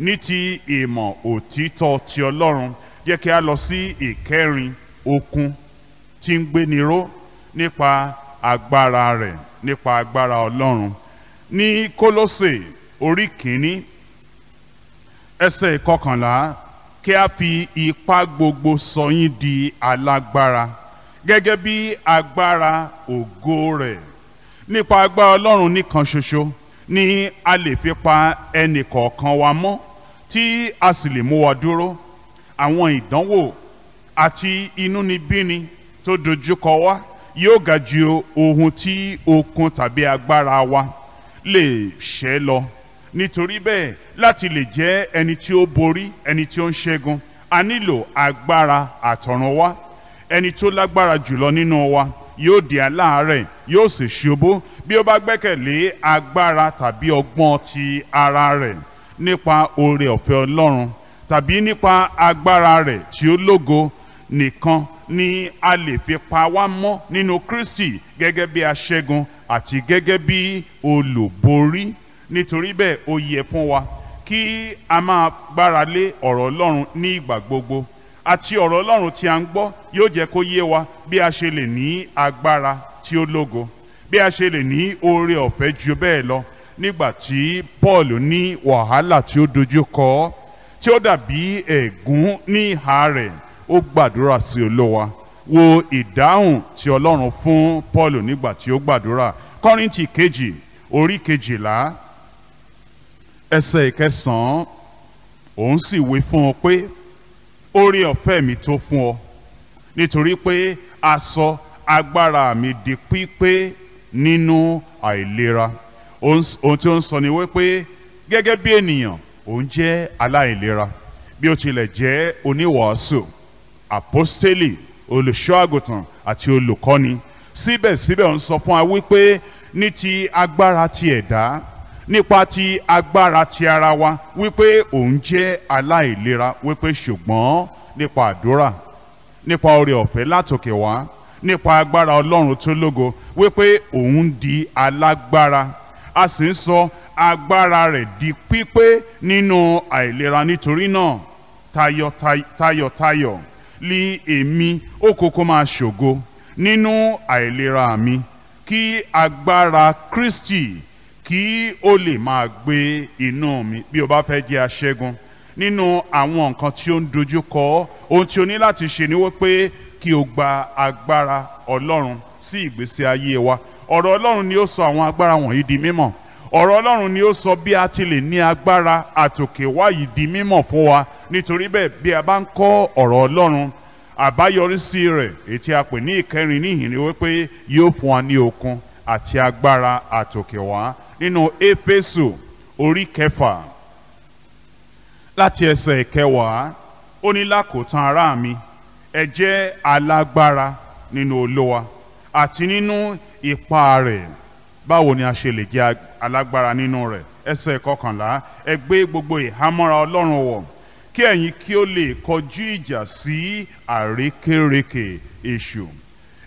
ní ti ìmọ̀ òtítọ́ ti Ọlọ́run jẹ́ kí a lọ sí ìkẹrin okun tí ń gbéni ró nípa agbára rẹ̀ nípa agbára Ọlọ́run ní Kólósè orí kìíní ẹsẹ̀ ìkọkànlá kí a fi ipá gbogbo sọ di alágbára gẹ́gẹ́ bí agbára ògo rẹ̀ nípa agbára Ọlọ́run nìkan ṣoṣo ni a lè fi pa ẹnì kọ̀ọ̀kan wa mọ́ tí a sì lè mú wa dúró àwọn ìdánwò àti inúnibíni tó dojúkọ wa yóò ga ju ohun tí okun tàbí agbára wa lè ṣe lọ nítorí bẹ́ẹ̀ láti lè jẹ́ ẹni tí ó borí ẹni tí ó ń ṣẹ́gun a nílò agbára àtọ̀run wá ẹni tó lágbára jùlọ nínú wa yóò di aláàárẹ̀ yóò sì ṣubú bí ó bá gbẹ́kẹ̀lé agbára tàbí ọgbọ́n ti ara rẹ̀ nípa oore ọ̀fẹ́ Ọlọ́run tàbí nípa agbára rẹ̀ tí ó lógo nìkan ni a lè fi pa wá mọ́ nínú Kristi gẹ́gẹ́ bí aṣẹ́gun àti gẹ́gẹ́ bí olùborí nítorí bẹ́ẹ̀ ó yẹ fún wa kí a máa gbára lé ọ̀rọ̀ Ọlọ́run ní ìgbà gbogbo àti ọ̀rọ̀ ọlọ́run tí a ń gbọ́ yóò jẹ́ kó yé wa bí a ṣe lè ní agbára tí ó lógo bí a ṣe lè ní oore ọ̀fẹ́ ju bẹ́ẹ̀ lọ nígbà tí Paul ní wàhálà tí ó dojú kọ tí ó dàbí ẹ̀gún ní ìhà rẹ̀ ó gbàdúrà sí olówa wo ìdáhùn tí ọlọ́run fún Paul nígbà tí ó gbàdúrà Kọ́ríńtì kejì orí kejìlá ẹsẹ̀ ìkẹsàn-án òun sì wí fún un pé oore ọ̀fẹ́ mi tó fún ọ nítorí pé a sọ agbára mi di pípé nínú àìlera ohun tí ó ń sọ ni wípé gẹ́gẹ́ bí ènìyàn òun jẹ́ aláìlera bí ó tilẹ̀ jẹ́ oníwàásù àpọ́stélì olùṣọ́àgùtàn àti olùkọ́ni síbẹ̀síbẹ̀ ń sọ fún wa wípé ní ti agbára ti ẹ̀dá nípa ti agbára ti ara wa wípé òun jẹ́ aláìlera wípé ṣùgbọ́n nípa àdúrà nípa oore ọ̀fẹ́ látòkè wá nípa agbára ọlọ́run tó lógo wípé òun di alágbára a sì ń sọ agbára rẹ̀ di pípé nínú àìlera nítorí náà tayọ̀tayọ̀ lí èmi ó kókó máa ṣògo nínú àìlera mi kí agbára Kristi kí ó lè máa gbé inú mi bí o bá fẹ́ jẹ́ aṣẹ́gun nínú àwọn nǹkan tí ó ń dojú kọ ohun tí o ní láti ṣe ni wípé kí o gba agbára ọlọ́run sí ìgbésí ayé wa ọ̀rọ̀ ọlọ́run ni ó sọ àwọn agbára wọ̀nyí di mímọ̀ ọ̀rọ̀ ọlọ́run ni ó sọ bí a ti lè ní agbára àtòkè wá di mímọ̀ fún wa nítorí bẹ́ẹ̀ bí a bá ń kọ́ ọ̀rọ̀ ọlọ́run àbáyọrísí rẹ̀ ètí a pè ní ìkẹrin níhìn ni wípé yóò fún wa ní okun àti agbára àtòkè wá nínú éfésù orí kẹfà láti ẹsẹ̀ kẹwàá ó ní lákòótán ará mi ẹ jẹ́ alágbára nínú olówa àti nínú ipá rẹ̀ báwo ni a ṣe lè jẹ́ alágbára nínú rẹ̀ ẹsẹ̀ kọkànlá ẹ gbé gbogbo ìhámọ́ra ọlọ́run wọ̀ kí ẹ̀yin kí ó lè kọjú ìjà sí àrékérekè èṣù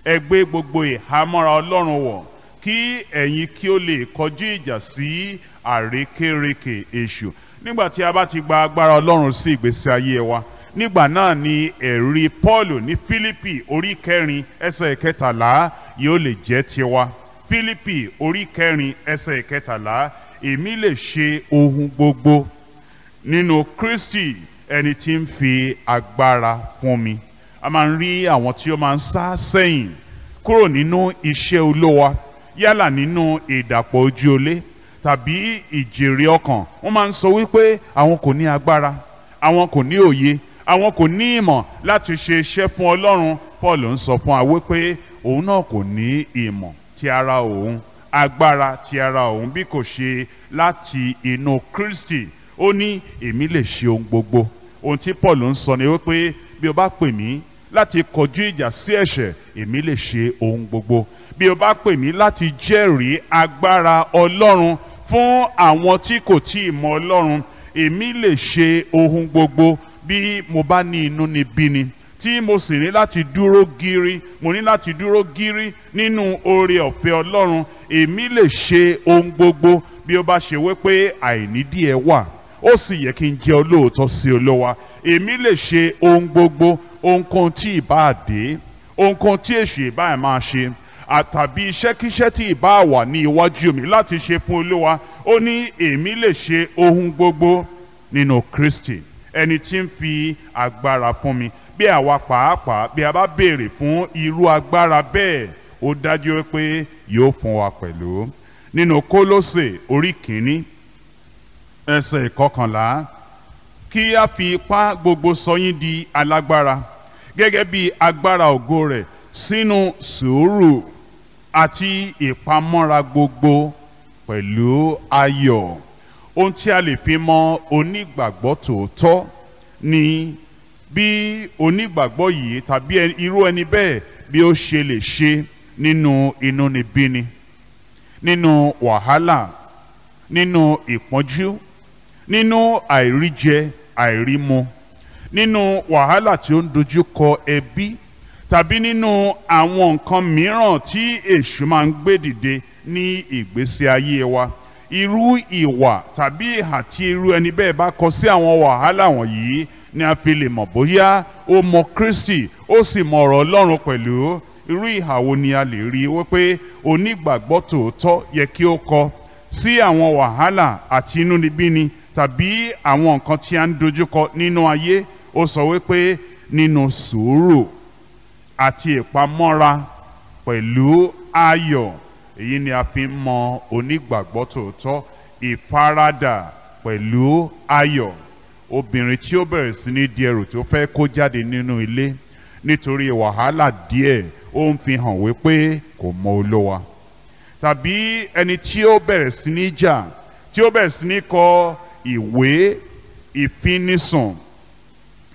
ẹ gbé gbogbo ìhámọ́ra ọlọ́run wọ̀ kí ẹ̀yin kí ó lè kọjú ìjà sí àrékérekè èṣù nígbà tí a bá ti gba agbára ọlọ́run sí ìgbésí ayé wa nígbà náà ni ẹ̀rí Paul ní Fílípì orí kẹrin ẹsẹ̀ ìkẹtàlá yóò lè jẹ́ tiwa Fílípì orí kẹrin ẹsẹ̀ ìkẹtàlá èmi lè ṣe ohun gbogbo nínú Kristi ẹni tí ń fi agbára fún mi a máa ń rí àwọn tí ó máa ń sá sẹ́yìn kúrò nínú iṣẹ́ Olúwa yálà nínú ìdàpọ̀ ojú olé tàbí ìjèrè ọkàn wọ́n máa ń sọ wípé àwọn kò ní agbára àwọn kò ní òye àwọn kò ní ìmọ̀ láti ṣe iṣẹ́ fún ọlọ́run Paul ń sọ fún wa wípé òun náà kò ní ìmọ̀ ti ara òun agbára ti ara òun bí kò ṣe láti inú Kristi ó ní èmi lè ṣe ohun gbogbo ohun tí Paul ń sọ ni wípé bí o bá pè mí láti kọjú ìjà sí ẹ̀ṣẹ̀ èmi lè ṣe ohun gbogbo bí o bá pè mí láti jẹ́rìí agbára ọlọ́run fún àwọn tí kò tí ì mọ ọlọ́run èmi lè ṣe ohun gbogbo bí mo bá ní inú níbí ni tí mo sì ní láti dúró gírí mo ní láti dúró gírí nínú oore ọ̀fẹ́ ọlọ́run èmi lè ṣe ohun gbogbo bí ó bá ṣe wípé àìnídìí ẹ wà ó sì yẹ kí n jẹ́ olóòótọ́ sí olówa èmi lè ṣe ohun gbogbo ohunkóhun tí ì bá dé ohunkóhun tí èṣù ì bá ẹ̀ máa ṣe àtàbí iṣẹ́kíṣẹ́ tí ìbá wà ní iwájú mi láti ṣe fún olúwa ó ní èmi lè ṣe ohun gbogbo nínú Kristi ẹni tí ń fi agbára fún mi bí àwa pàápàá bí a bá béèrè fún irú agbára bẹ́ẹ̀ ó dájú pé yóò fún wa pẹ̀lú nínú Kólósè orí kìíní ẹsẹ̀ ìkọkànlá kí a fi ipá gbogbo sọ di alágbára gẹ́gẹ́ bí agbára ògo rẹ̀ sínú sùúrù àti ìpamọ́ra gbogbo pẹ̀lú ayọ̀ ohun tí a lè fi mọ onígbàgbọ́ tòótọ́ ni bí onígbàgbọ́ yìí tàbí irú ẹni bẹ́ẹ̀ bí ó ṣe lè ṣe nínú inúnibíni nínú wàhálà nínú ìpọ́njú nínú àìríjẹ àìrímu nínú wàhálà tí ó ń dojú kọ ẹbí. E tàbí nínú àwọn nǹkan mìíràn tí èṣù máa ń gbé dìde ní ìgbésí ayé wa irú ìwà tàbí ìhà tí irú ẹni bẹ́ẹ̀ bá kọ sí àwọn wàhálà wọ̀nyí ni a fi lè mọ̀ bóyá ó mọ Kristi ó sì mọ ọ̀rọ̀ Ọlọ́run pẹ̀lú irú ìhà wo ni a lè rí wípé onígbàgbọ́ tòótọ́ yẹ kí ó kọ sí àwọn wàhálà àti inúnibíni tàbí àwọn nǹkan tí a ń dojúkọ nínú ayé ó sọ wípé nínú sùúrù àti ìpamọ́ra pẹ̀lú ayọ̀ èyí ni a fi ń mọ onígbàgbọ́ tòótọ́ ìfaradà pẹ̀lú ayọ̀ obìnrin tí ó bẹ̀rẹ̀ sí ní di ẹrù tó fẹ́ kó jáde nínú ilé nítorí wàhálà díẹ̀ ó ń fi hàn wípé kò mọ olówa tàbí ẹni tí ó bẹ̀rẹ̀ sí ní jà tí ó bẹ̀rẹ̀ sí ní kọ ìwé ìfinisùn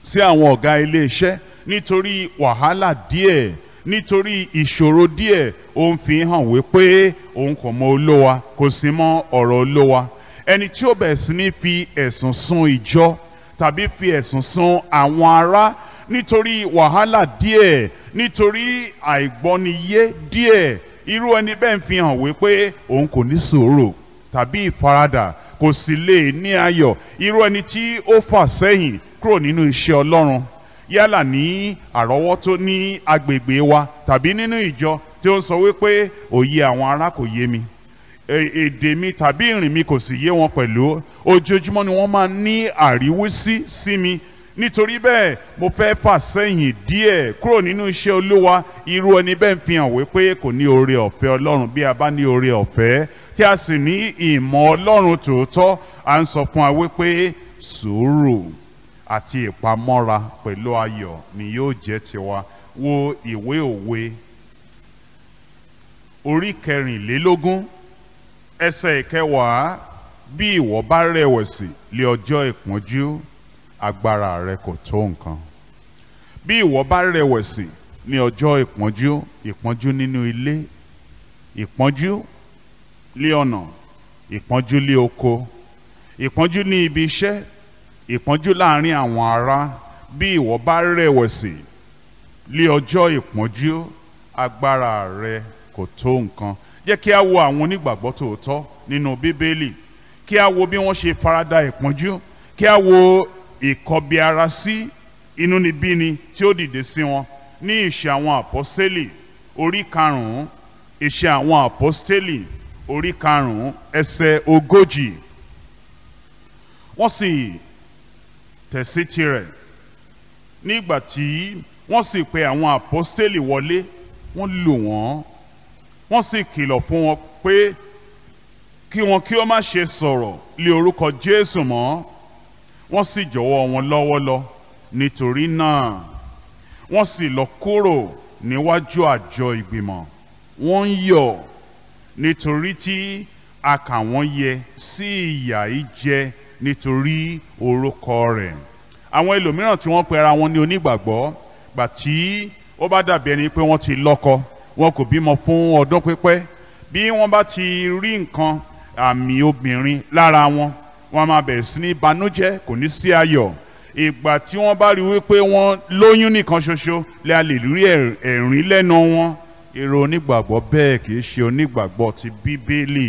sí àwọn ọ̀gá ilé iṣẹ́ nítorí wàhálà díẹ̀ nítorí ìṣòro díẹ̀ òun fi hàn wípé òun kò mọ olówa kò sì mọ ọ̀rọ̀ olówa ẹni tí ó bẹ̀rẹ̀ sí ní fi ẹ̀sùn sun ìjọ tàbí fi ẹ̀sùn sun àwọn ará nítorí wàhálà díẹ̀ nítorí àìgbọ́niyé díẹ̀ irú ẹni bẹ́ẹ̀ ń fi hàn wípé òun kò ní sùúrù tàbí ìfaradà kò sì lè ní ayọ̀ irú ẹni tí ó fà sẹ́yìn kúrò nínú iṣẹ́ Ọlọ́run yálà ní àrọ́wọ́tó ní agbègbè wa tàbí nínú ìjọ tí ó ń sọ wípé òye àwọn ará kò yé mi e, èdè mi tàbí ìrìn mi kò sì yé wọn pẹ̀lú ojoojúmọ́ ni wọ́n máa ní àríwísí sí mi nítorí bẹ́ẹ̀ mo fẹ́ fà sẹ́yìn díẹ̀ kúrò nínú iṣẹ́ olúwa irú ẹni bẹ́ẹ̀ ń fi hàn wípé kò ní oore ọ̀fẹ́ ọlọ́run bí a bá ní oore ọ̀fẹ́ tí a sì ní ìmọ̀ ọlọ́run tòótọ́ à ń sọ fún wa wípé sùúrù àti ìpamọ́ra pẹ̀lú ayọ̀ ni yóò jẹ́ tiwa wo ìwé òwe orí kẹrìnlélógún ẹsẹ̀ ìkẹwàá bí ìwọ bá rẹ̀wẹ̀sì lé ọjọ́ ìpọ́njú agbára rẹ kò tó nǹkan bí ìwọ bá rẹ̀wẹ̀sì ní ọjọ́ ìpọ́njú ìpọ́njú nínú ilé ìpọ́njú lé ọ̀nà ìpọ́njú lé oko ìpọ́njú ní ibi iṣẹ́ ìpọ́njú láàrin àwọn ará bí ìwọ bá rẹ̀wẹ̀sì lé ọjọ́ ìpọ́njú agbára rẹ kò tó nǹkan jẹ́ kí a wo àwọn onígbàgbọ́ tòótọ́ nínú bíbélì kí a wo bí wọ́n ṣe farada ìpọ́njú kí a wo ìkọbiara sí inúnibíni tí ó dìde sí wọn ní ìṣe àwọn àpọ́stélì orí karùn-ún ìṣe àwọn àpọ́stélì orí karùn-ún ẹsẹ̀ ogójì wọ́n sì tẹ̀sí tirẹ̀ nígbà tí wọ́n sì pe àwọn àpọ́stélì wọlé wọ́n lù wọ́n wọ́n sì kìlọ̀ fún wọn pé kí wọn kí ó má ṣe sọ̀rọ̀ lé orúkọ Jésù mọ́ wọ́n sì jọ̀wọ́ wọn lọ́wọ́ lọ nítorí náà wọ́n sì lọ kúrò níwájú àjọ ìgbìmọ̀ wọ́n ń yọ̀ nítorí tí a kà wọ́n yẹ sí ìyà ìjẹ nítorí orúkọ rẹ̀ àwọn ẹlòmíràn tí wọ́n pe ara wọn ní onígbàgbọ́ gbà tí ó bá dàbí ẹni pé wọ́n ti lọ́kọ wọn kò bímọ fún ọdún pípẹ́ bí wọ́n bá ti rí nǹkan àmì obìnrin lára wọn wọ́n máa bẹ̀rẹ̀ sí ní banújẹ́ kò ní sí ayọ̀ ìgbà tí wọ́n bá rí wípé wọ́n lóyún nìkan ṣoṣo lẹ́ a ẹ̀rín lẹ́nu wọn èrò onígbàgbọ́ bẹ́ẹ̀ kì í ṣe onígbàgbọ́ ti bíbélì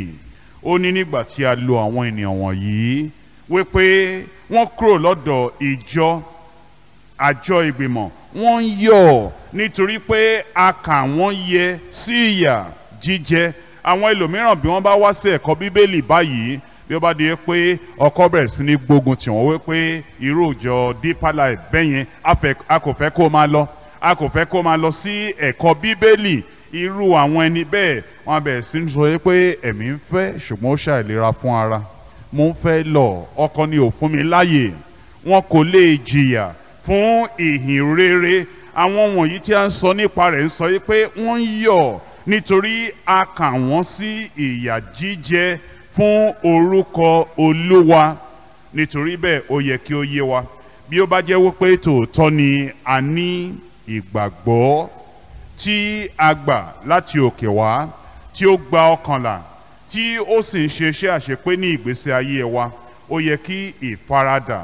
ó ní nígbà tí a lo àwọn ènìyàn wọ̀nyí wípé wọ́n kúrò lọ́dọ̀ ìjọ àjọ ìgbìmọ̀ wọ́n ń yọ̀ nítorí pé a kà wọ́n yẹ sí ìyà jíjẹ àwọn ẹlòmíràn bí wọ́n bá wá sí ẹ̀kọ́ bíbélì báyìí bí ó bá di pé ọkọ bẹ̀rẹ̀ sí ní gbógun tì wọ́n wípé irú ìjọ Deeper Life bẹ́yẹn a kò fẹ́ kó máa lọ a kò fẹ́ kó máa lọ sí ẹ̀kọ́ bíbélì irú àwọn ẹni bẹ́ẹ̀ wọ́n bẹ̀rẹ̀ sí ní sọ pé ẹ̀mí ń fẹ́ ṣùgbọ́n ó ṣàìlera fún ara mo ń fẹ́ lọ ọkọ ni ò fún mi láàyè wọn kò lè jìyà fún ìhìn rere àwọn wọ̀nyí tí a ń sọ nípa rẹ̀ ń sọ pé wọ́n ń yọ̀ nítorí a kà wọ́n sí ìyà jíjẹ fún orúkọ olúwa nítorí bẹ́ẹ̀ ó yẹ kí ó yé wa bí ó bá jẹ́ wípé tòótọ́ ni a ní ìgbàgbọ́ tí a gbà láti òkè wá tí ó gba ọkànlá tí ó sì ń ṣe iṣẹ́ àṣepé ní ìgbésí ayé wa ó yẹ kí ìfaradà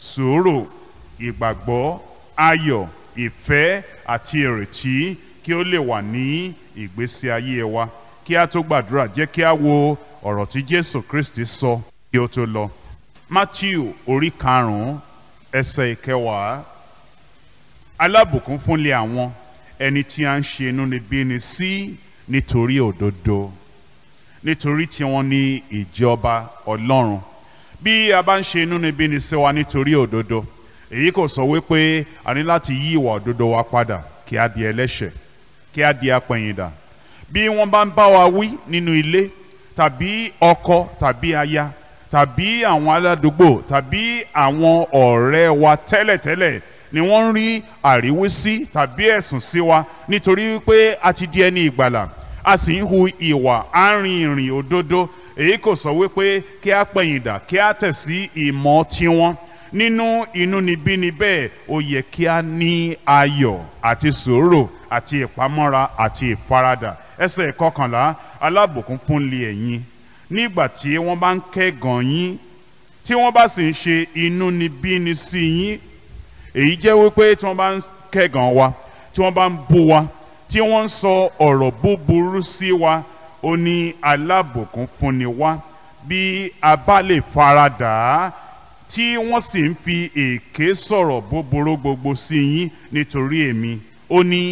sùúrù ìgbàgbọ́ ayọ̀ ìfẹ́ àti ìrètí kí ó lè wà ní ìgbésí ayé wa kí a tó gbàdúrà jẹ́ kí a wo ọ̀rọ̀ tí Jésù Kristi sọ kí ó tó lọ Matthew orí karùn-ún ẹsẹ̀ ìkẹwàá alábùkún fúnlé àwọn ẹni tí a ń ṣe inúnibíni sí nítorí òdodo nítorí tí wọ́n ní ìjọba ọlọ́run bí a bá ń ṣe inúnibíni sí wa nítorí òdodo èyí kò sọ wípé a ní láti yí ìwà òdodo wa padà kí a di ẹlẹ́ṣẹ̀ kí a di apẹ̀yìndà bí wọ́n bá ń bá wa wí nínú ilé tàbí ọkọ tàbí aya tàbí àwọn aládùúgbò tàbí àwọn ọ̀rẹ́ wa tẹ́lẹ̀tẹ́lẹ̀ ni wọ́n ń rí àríwísí tàbí ẹ̀sùn sí wa nítorí wípé a ti di ẹni ìgbàlà a sì ń hu ìwà arìnrìn òdodo èyí kò sọ wípé kí a pẹ̀yìndà kí a tẹ̀ sí ìmọ̀ tiwọn nínú inúnibíni bẹ́ẹ̀ ó yẹ kí a ní ayọ̀ àti sùúrù àti ìpamọ́ra àti ìfaradà ẹsẹ̀ kọkànlá alábùkún fúnlé ẹ̀yin nígbà tí wọ́n bá ń kẹ́gàn yín tí wọ́n bá sì ń ṣe inúnibíni sí yín èyí jẹ́ wípé tí wọ́n bá ń kẹ́gàn wa tí wọ́n bá ń bú wa tí wọ́n ń sọ ọ̀rọ̀ búburú sí wa ó ní alábòkún fúnni wá bí a bá lè faradà á tí wọ́n sì ń fi èké sọ̀rọ̀ búburú gbogbo sí yín nítorí èmi ó ní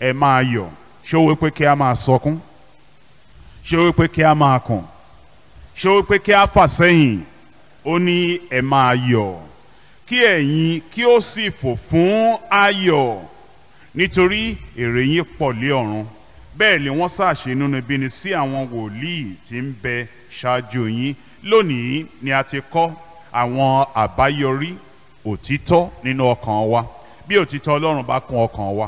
ẹ máa yọ̀ ṣé ó wí pé kí a máa sọkún ṣé ó wí pé kí a máa kàn ṣé ó wí pé kí a fà sẹ́yìn ó ní ẹ máa yọ̀ kí ẹ̀yin kí ó sì fò fún ayọ̀ nítorí èrè yín pọ̀ lé ọ̀run bẹ́ẹ̀ ni wọ́n ṣàṣe inúnibíni sí àwọn wòlíì tí ń bẹ ṣáájú yín lónìí ni a ti kọ́ àwọn àbáyọrí òtítọ́ nínú ọkàn wa bí òtítọ́ ọlọ́run bá kún ọkàn wa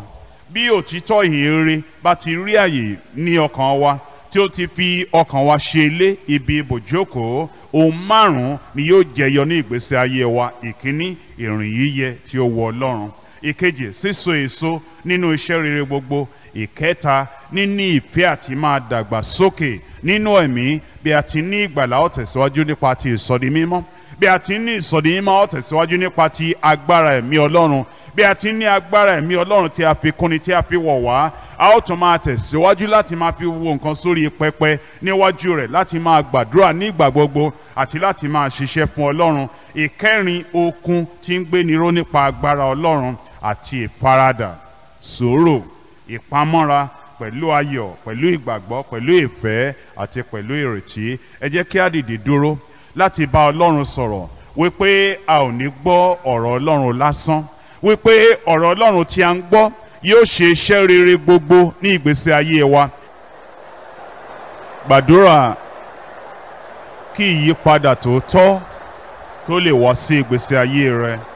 bí òtítọ́ ìhìnrere bá ti rí àyè ní ọkàn wa tí ó ti fi ọkàn wa ṣe ilé ibi ibòjókòó ohun márùn-ún ni yóò jẹyọ ní ìgbésí ayé wa ìkíní ìrìn yíyẹ tí ó wọ ọlọ́run ìkejì síso èso nínú iṣẹ́ rere gbogbo ìkẹta níní ìfẹ́ àti máa dàgbà sókè nínú ẹ̀mí bí a ti ní ìgbàlá ó tẹ̀síwájú nípa ti ìsọdi mímọ́ bí a ti ní ìsọdi mímọ́ ó tẹ̀síwájú nípa ti agbára ẹ̀mí ọlọ́run bí a ti ní agbára ẹ̀mí ọlọ́run tí a fi kúnni tí a fi wọ̀ wá a ó tún máa tẹ̀síwájú láti máa fi wo nǹkan sórí pẹpẹ níwájú rẹ̀ láti máa gbàdúrà ní ìgbà gbogbo àti láti máa ṣiṣẹ́ fún ọlọ́run ìkẹrin okun tí ń gbé níró nípa agbára ọlọ́run àti ìfaradà sòrò ìpamọ́ra pẹ̀lú ayọ̀ pẹ̀lú ìgbàgbọ́ pẹ̀lú ìfẹ́ àti pẹ̀lú ìrètí ẹ jẹ́ kí á dìde dúró láti bá ọlọ́run sọ̀rọ̀ wípé a ò ní gbọ́ ọ̀rọ̀ ọlọ́run lásán wípé ọ̀rọ̀ ọlọ́run tí a ń gbọ́ yóò ṣe iṣẹ́ rere gbogbo ní ìgbésí ayé wa gbàdúrà kí ìyípadà tòótọ́ kí ó lè wá sí ìgbésí ayé rẹ.